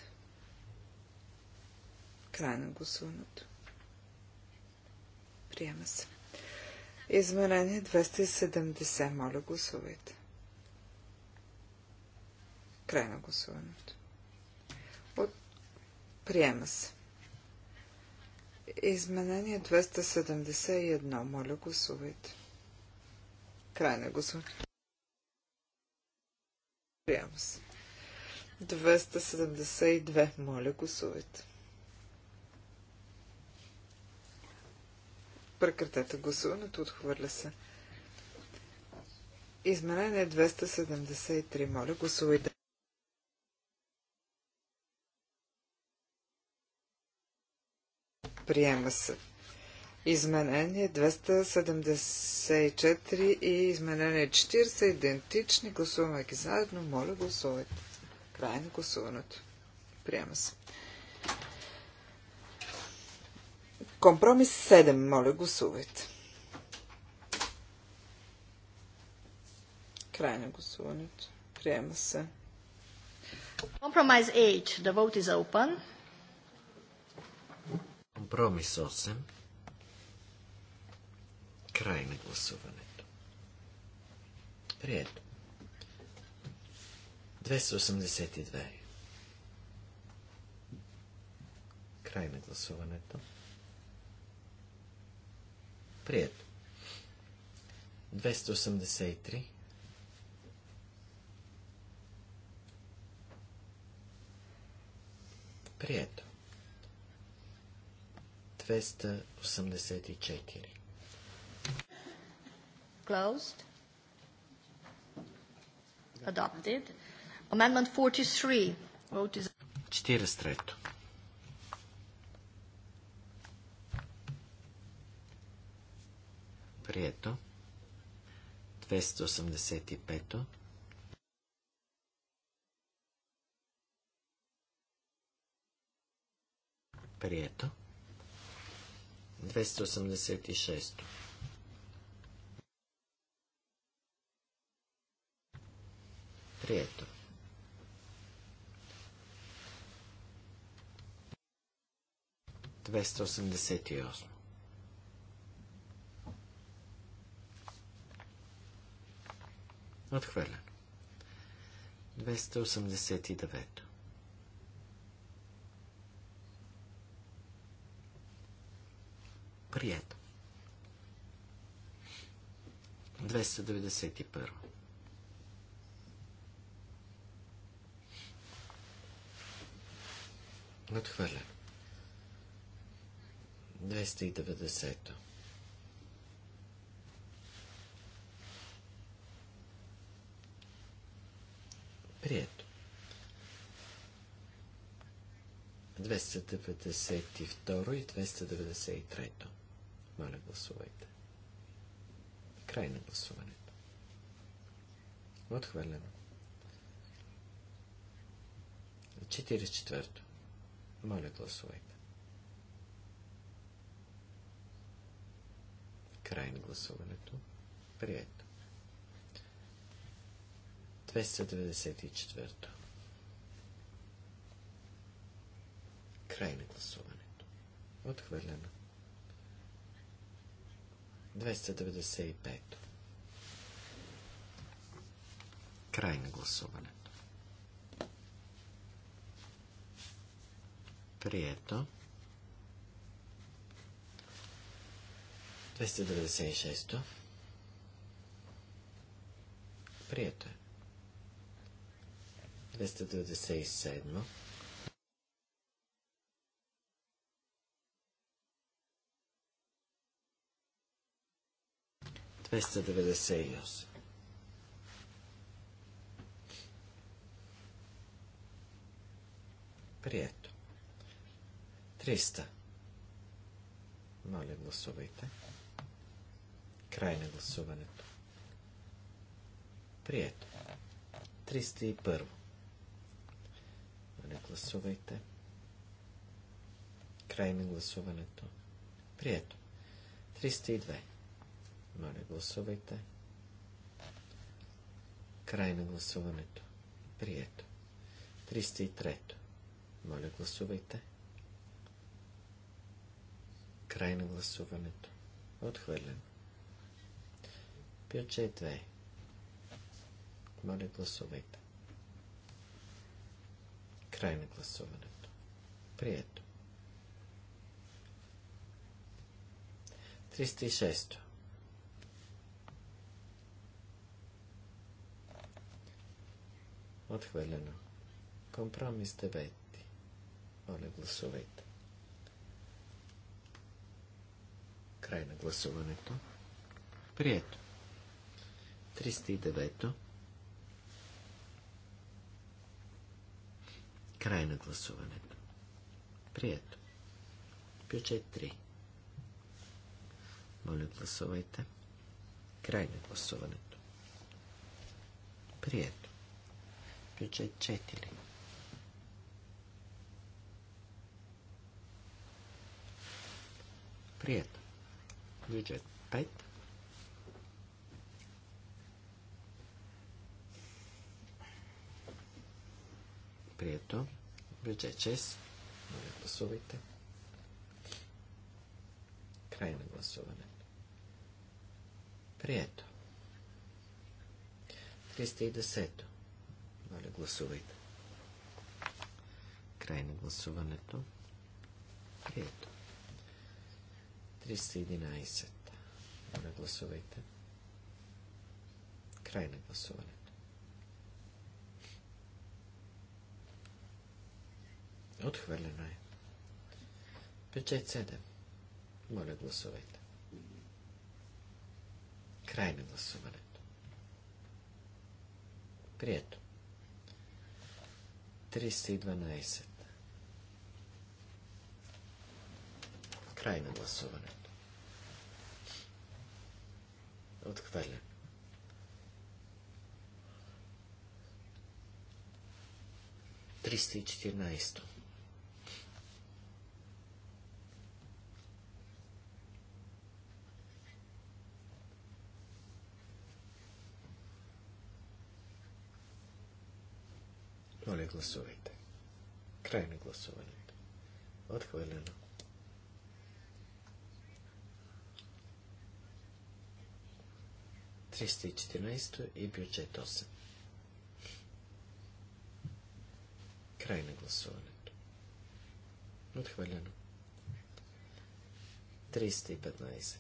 Край на гласуването. Приема се. Изменение 270. Моля, гласувайте. Край на гласуването. Приема се. Изменение 271. Моля, гласувайте. Край на гласуване. Приема се. 272. Моля, гласувайте. Прекратете гласуването. Отхвърля се. Изменение 273. Моля, гласувайте. Приема се. Изменение 274 и изменение 40 идентични. Гласуваме ги заедно. Моля, гласувайте. Край на гласуването. Приема се. Компромис 7. Моля, гласувайте. Край на гласуването. Приема се. Компромис 8. The vote is open. Компромис 8. Край на гласуването. Прието. 282. Край на гласуването. Прието. 283. Прието. 284. Closed. Adopted. Amendment 43. Vote is... 43. Прието. 285. Прието. 286. 286. Прието. Двеста осемдесет и осмо. Отхвърлено. 289. Прието. 291. Отхвърля. 290. Прието. 292 и 293. Моля, гласувайте. Край на гласуването. Отхвърлено. 44. Моля, гласувайте. Край на гласуването. Прието. 294. Край на гласуването. Отхвърлено. 295. Край на гласуването. Прието. 296. Прието е. 297. 298. Прието. 300. Моля, гласувайте. Край на гласуването. Прието. 301. Моля, гласувайте. Край на гласуването. Прието. 302. Моля, гласувайте. Край на гласуването. Прието. 303. Моля, гласувайте. Край на гласуването. Отхвърлено. Бюджет 2. Моля, гласувайте. Край на гласуването. Прието. 306. Отхвърлено. Компромис 9. Моля, гласувайте. Край на гласуването. Прието. 309. Край на гласуването. Прието. Бюджет 3. Моля, гласувайте. Край на гласуването. Прието бюджет 4. Прието. Бюджет 5. Прието. Бюджет 6. Моля, гласувайте. Край на гласуване. Прието. 310. Моля, гласувайте. Край на гласуването. Прието. 311. Моля, гласувайте. Край на гласуването. Отхвърлено е. Бюджет 7. Моля, гласувайте. Край на гласуването. Прието. 312. Край на гласуването. Отхвърлен. Триста и четирнайсто. Моля, гласувайте. Край на гласуването. Отхвърлено. Триста и бюджет 8. Край на гласуването. Отхвърлено. 315.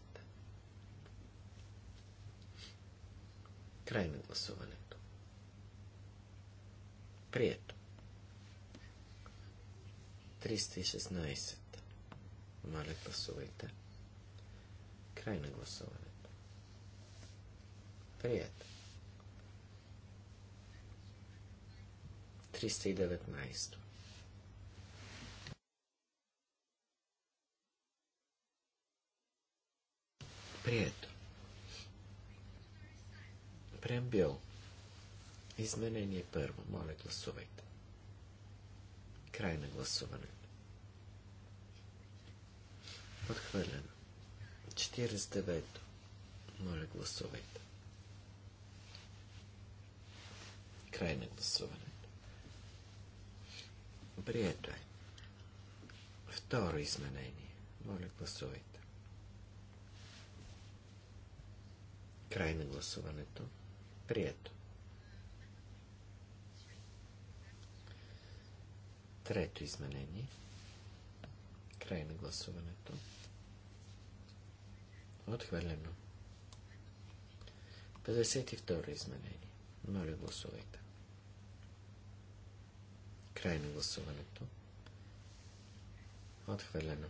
Край на гласуването. Прието. 316. Моля, гласувайте. Край на гласуването. Прието. 319. Прието. Преамбил. 320. Изменение първо. Моля, гласувайте. Край на гласуването. Отхвърлено. 49-то. Моля, гласувайте. Край на гласуването. Прието е. Второ изменение. Моля, гласувайте. Край на гласуването. Прието. Трето изменение. Край на гласуването. Отхвърлено. 52 изменение. Моля, гласувайте. Край на гласуването. Отхвърлено.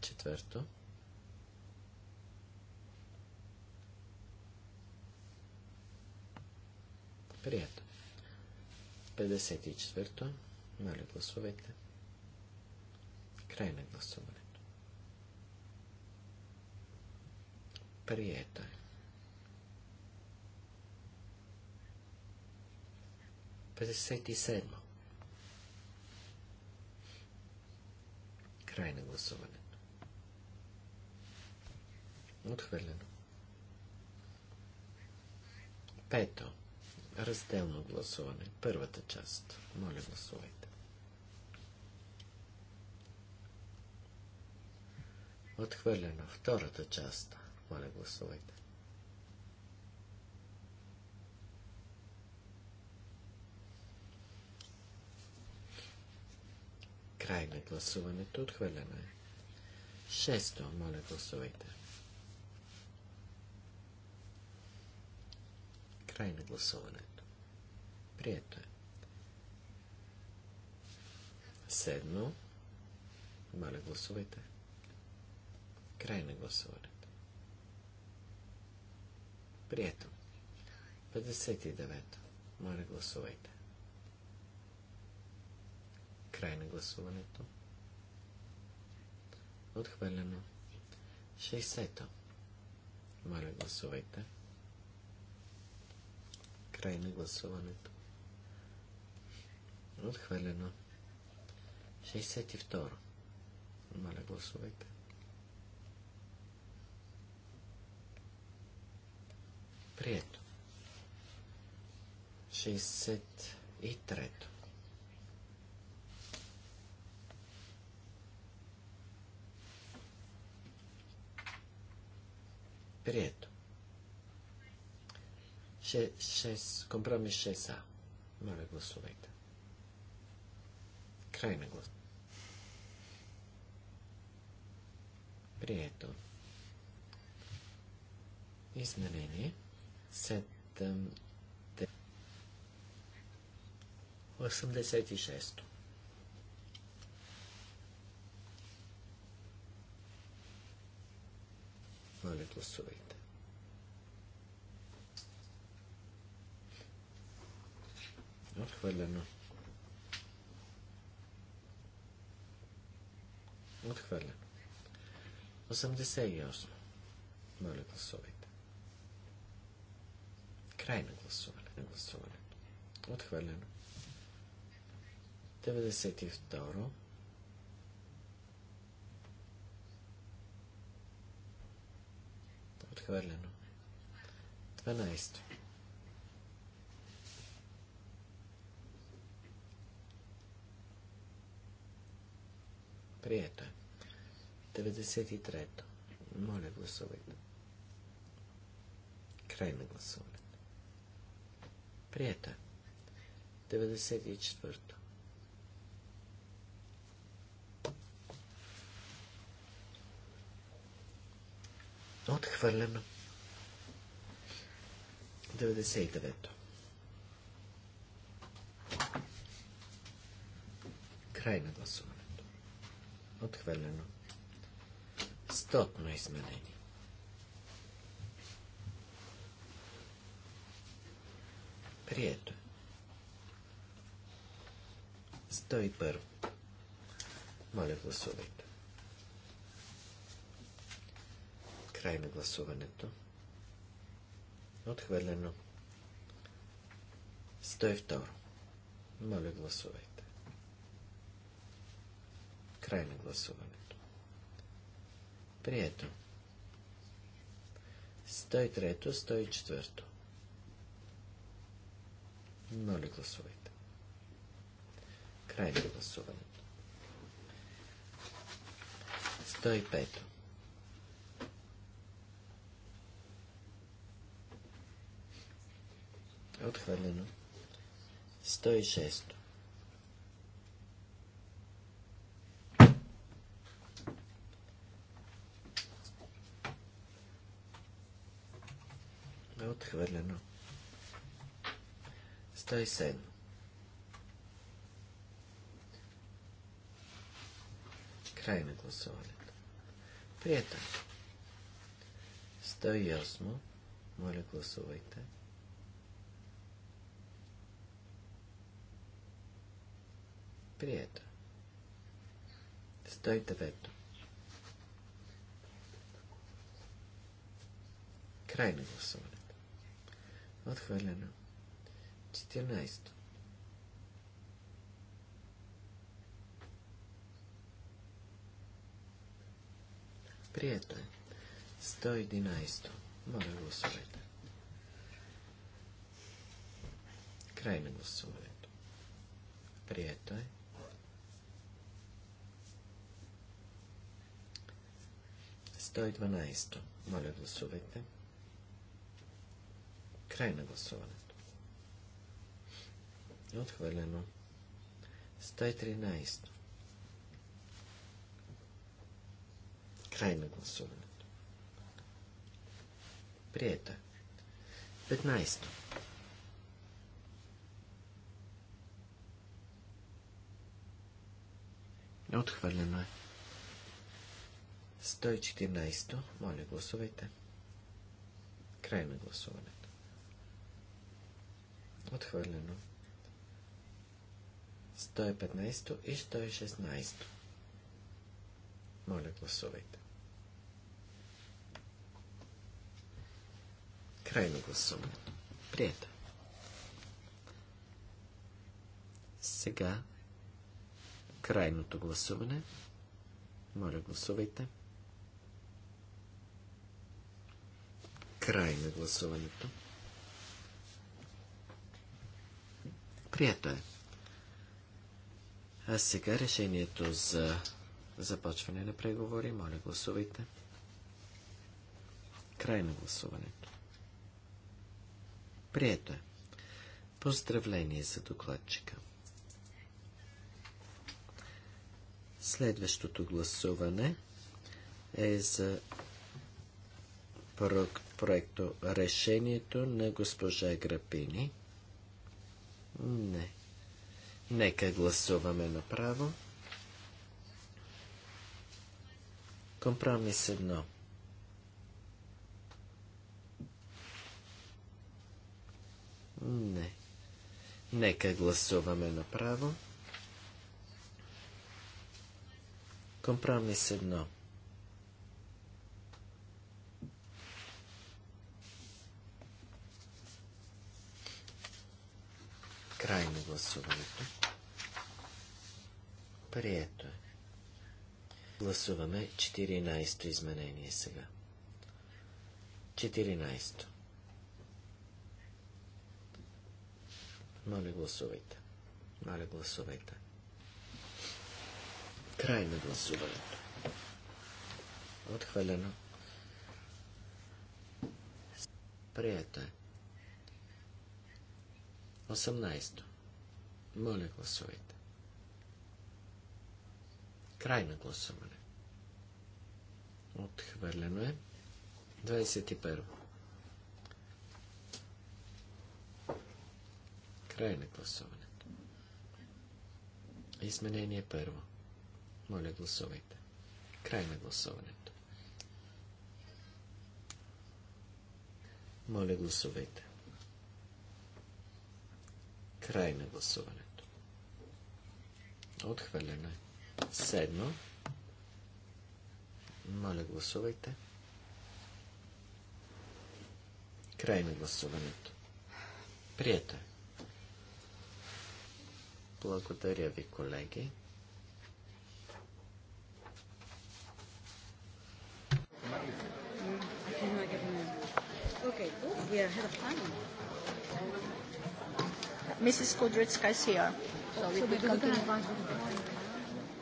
Четвърто. Прието. 54-то. Моля, гласувайте. Край на гласуването. Прието е. 57. Край на гласуването. Отхвърлено. Пето. Разделно гласуване. Първата част. Моля, гласувайте. Отхвърлено. Втората част. Моля, гласувайте. Край на гласуването. Отхвърлено е. Шесто. Моля, гласувайте. Край на гласуването. Прието е. Седмо. Моля, гласувайте. Край на гласуването. Прието. 59. Моля, гласувайте. Край на гласуването. Отхвърлено. 60. Моля, гласувайте. Край на гласуването. Отхвърлено. 62. Моля, гласувайте. Прието. 63. то Прието. 6, 6, компромис 6А. Моля, гласувайте. Край на глас. Прието. Изменение 6. 86 Моля, гласувайте. Отхвърлено. Отхвърлено. 88. Моля, гласувайте. Край на гласуване. На гласуване. Отхвърлено. 92. Отхвърлено. 12. Прието е. 93. то Моля, гласувайте. Край на гласуване. Приета. 94 е. Отхвърлено. 99 Край на гласуването. Отхвърлено. Стотно изменение. Прието. 101. Е. Моля, гласувайте. Край на гласуването. Отхвърлено. 102. Моля, гласувайте. Край на гласуването. Прието. 103, 104. Моля, гласувайте. Край на гласуването. 105. Отхвърлено. 106. Отхвърлено. 107. 107. Край на гласуването. Приятел. 108. Моля, гласувайте. Прието. 109. Край на гласуването. Отхвърлено. 14. Прието е. 111. Моля гласувайте. Край на гласуването. Прието е. Сто и дванайсто. Моля гласувайте. Край на гласуването е отхвърлено. 113. Край на гласуването. Приета. Е. 15. Отхвърлено е. 114. Моля, гласувайте. Край на гласуването. Отхвърлено. 115. 115 и 116. Моля, гласувайте. Крайно гласуване. Прието. Сега крайното гласуване. Моля, гласувайте. Край на гласуването. Прието е. А сега решението за започване на преговори. Моля, гласувайте. Край на гласуването. Прието е. Поздравление за докладчика. Следващото гласуване е за проекто решението на госпожа Грапини. Не. Нека гласуваме направо. Компромис едно. Не. Нека гласуваме направо. Компромис едно. Крайно гласуването. Прието е. Гласуваме 14-то изменение сега. 14-то. Моля, гласувайте. Моля, гласувайте. Край на гласуването. Отхвалено. Прието е. 18. Моля, гласувайте. Край на гласуване. Отхвърлено е. 21. Край на гласуването. Изменение първо. Моля, гласувайте. Край на гласуването. Моля, гласувайте. Край на гласуването. Отхвърлено е. Седмо. Моля, гласувайте. Край на гласуването. Прието е. Благодаря ви, колеги. Okay, we are ahead of time. Mrs. Kudrytska is here. So we can continue.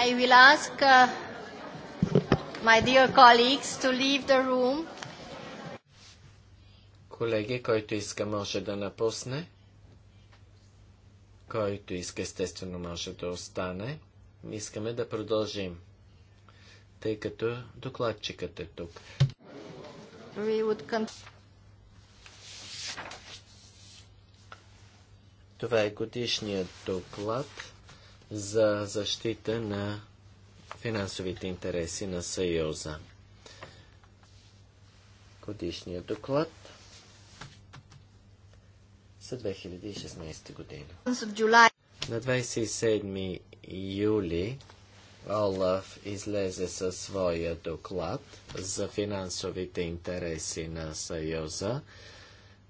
I will ask uh, my dear colleagues to leave the room. Колеги, който иска, може да напусне. Който иска, естествено, може да остане. Искаме да продължим, тъй като докладчикът е тук. We would Това е годишният доклад за защита на финансовите интереси на Съюза. Годишният доклад за 2016 година. На 27 юли Олаф излезе със своя доклад за финансовите интереси на Съюза.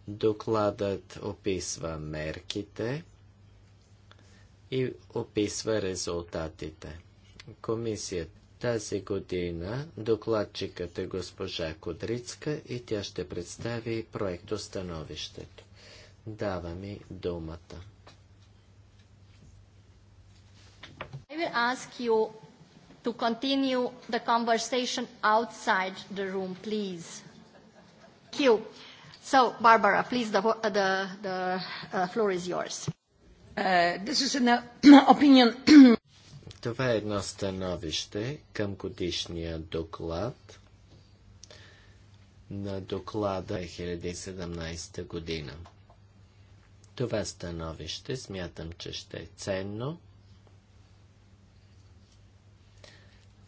Докладът описва мерките, и описва резултатите. Комисията тази година докладчикът е госпожа Кудрицка и тя ще представи проекто становището. Дава ми думата. I will ask you to continue the conversation outside the room, please. Thank you. So, Barbara, please, the, the, the uh, floor is yours. Е, uh, Това е едно становище към годишния доклад на доклада 2017 година. Това становище смятам, че ще е ценно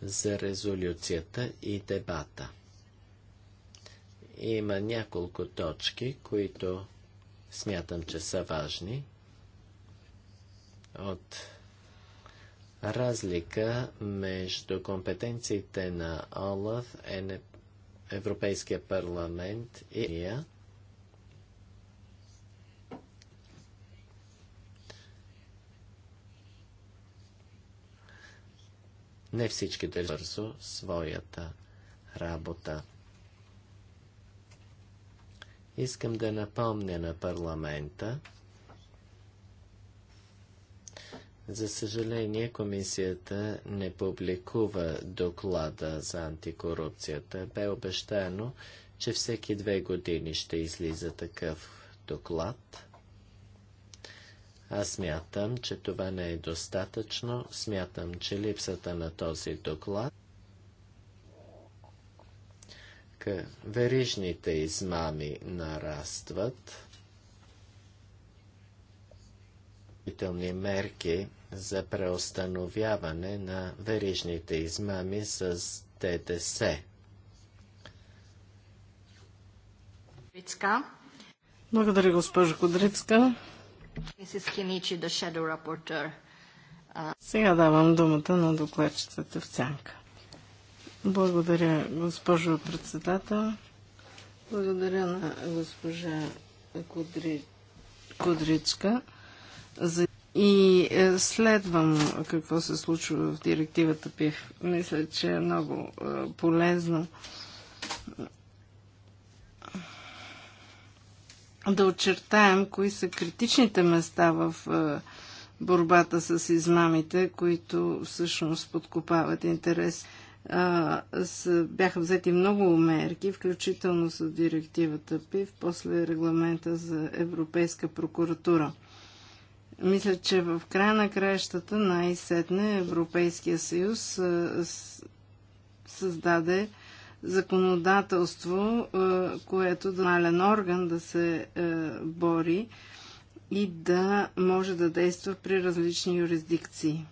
за резолюцията и дебата. Има няколко точки, които смятам, че са важни от разлика между компетенциите на ОЛАФ, Европейския парламент и ИА. Не всички държат бързо своята работа. Искам да напомня на парламента, За съжаление, комисията не публикува доклада за антикорупцията. Бе обещано, че всеки две години ще излиза такъв доклад. Аз смятам, че това не е достатъчно. Смятам, че липсата на този доклад верижните измами нарастват. Мерки за преустановяване на верижните измами с ДДС. Благодаря, госпожо Кудрицка. Сега давам думата на докладчицата в Цянка. Благодаря, госпожо председател. Благодаря на госпожа Кудри... Кудричка за и е, следвам какво се случва в директивата ПИВ. Мисля, че е много е, полезно е, да очертаем кои са критичните места в борбата с измамите, които всъщност подкопават интерес. бяха взети много мерки, включително с директивата ПИВ, после регламента за Европейска прокуратура – мисля, че в края на краищата най-сетне Европейския съюз създаде законодателство, което донален е орган да се бори и да може да действа при различни юрисдикции.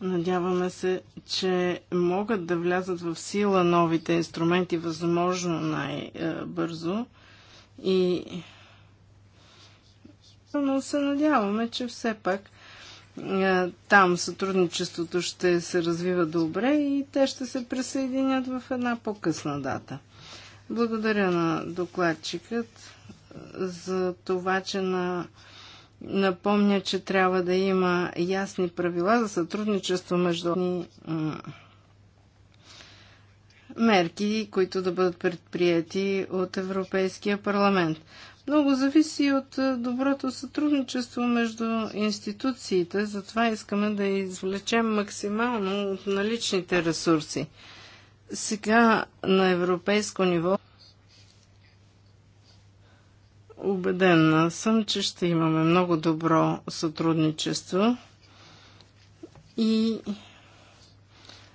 Надяваме се, че могат да влязат в сила новите инструменти възможно най-бързо и но се надяваме, че все пак е, там сътрудничеството ще се развива добре и те ще се присъединят в една по-късна дата. Благодаря на докладчикът е, за това, че на... напомня, че трябва да има ясни правила за сътрудничество между е, мерки, които да бъдат предприяти от Европейския парламент. Много зависи от е, доброто сътрудничество между институциите, затова искаме да извлечем максимално от наличните ресурси. Сега на европейско ниво убедена съм, че ще имаме много добро сътрудничество и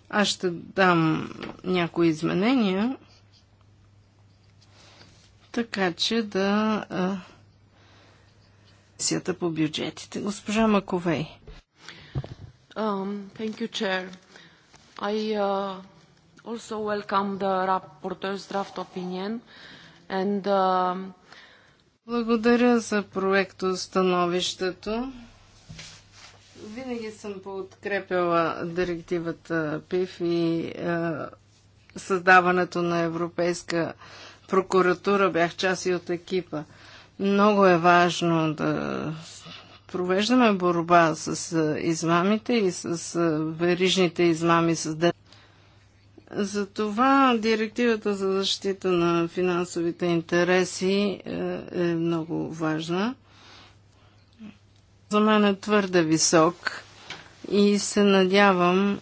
аз ще дам някои изменения така че да сията по бюджетите. Госпожа Маковей. Um, thank you, Chair. I uh, also welcome the rapporteur's draft opinion and uh... Благодаря за проекто становището. Винаги съм подкрепяла директивата ПИФ и е, създаването на Европейска е, прокуратура, бях част и от екипа. Много е важно да провеждаме борба с измамите и с верижните измами с децата. Затова директивата за защита на финансовите интереси е, е много важна. За мен е твърде висок и се надявам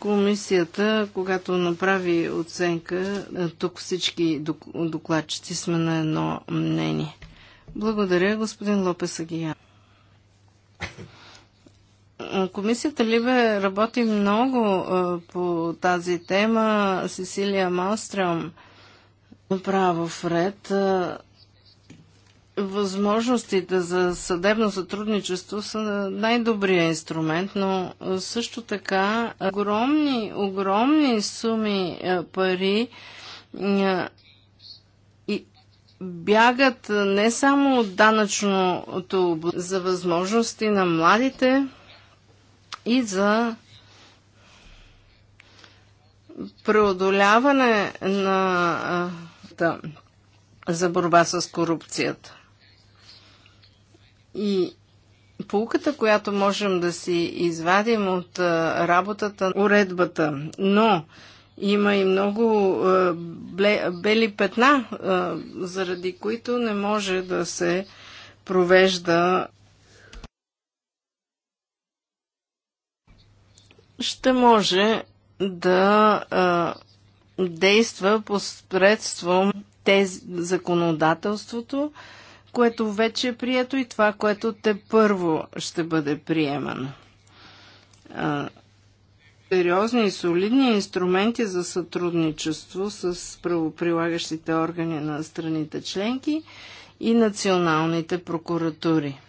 Комисията, когато направи оценка, е, тук всички докладчици сме на едно мнение. Благодаря, господин Лопес Агия. Комисията Либе работи много е, по тази тема. Сесилия Малстрам направо в ред е, възможностите за съдебно сътрудничество са най-добрият инструмент, но също така огромни, огромни суми е, пари е, бягат не само от данъчното за възможности на младите и за преодоляване на е, да, за борба с корупцията. И полуката, която можем да си извадим от работата, уредбата, но има и много бели петна, заради които не може да се провежда. Ще може да а, действа посредством тези законодателството, което вече е прието и това, което те първо ще бъде приемано. Сериозни и солидни инструменти за сътрудничество с правоприлагащите органи на страните членки и националните прокуратури.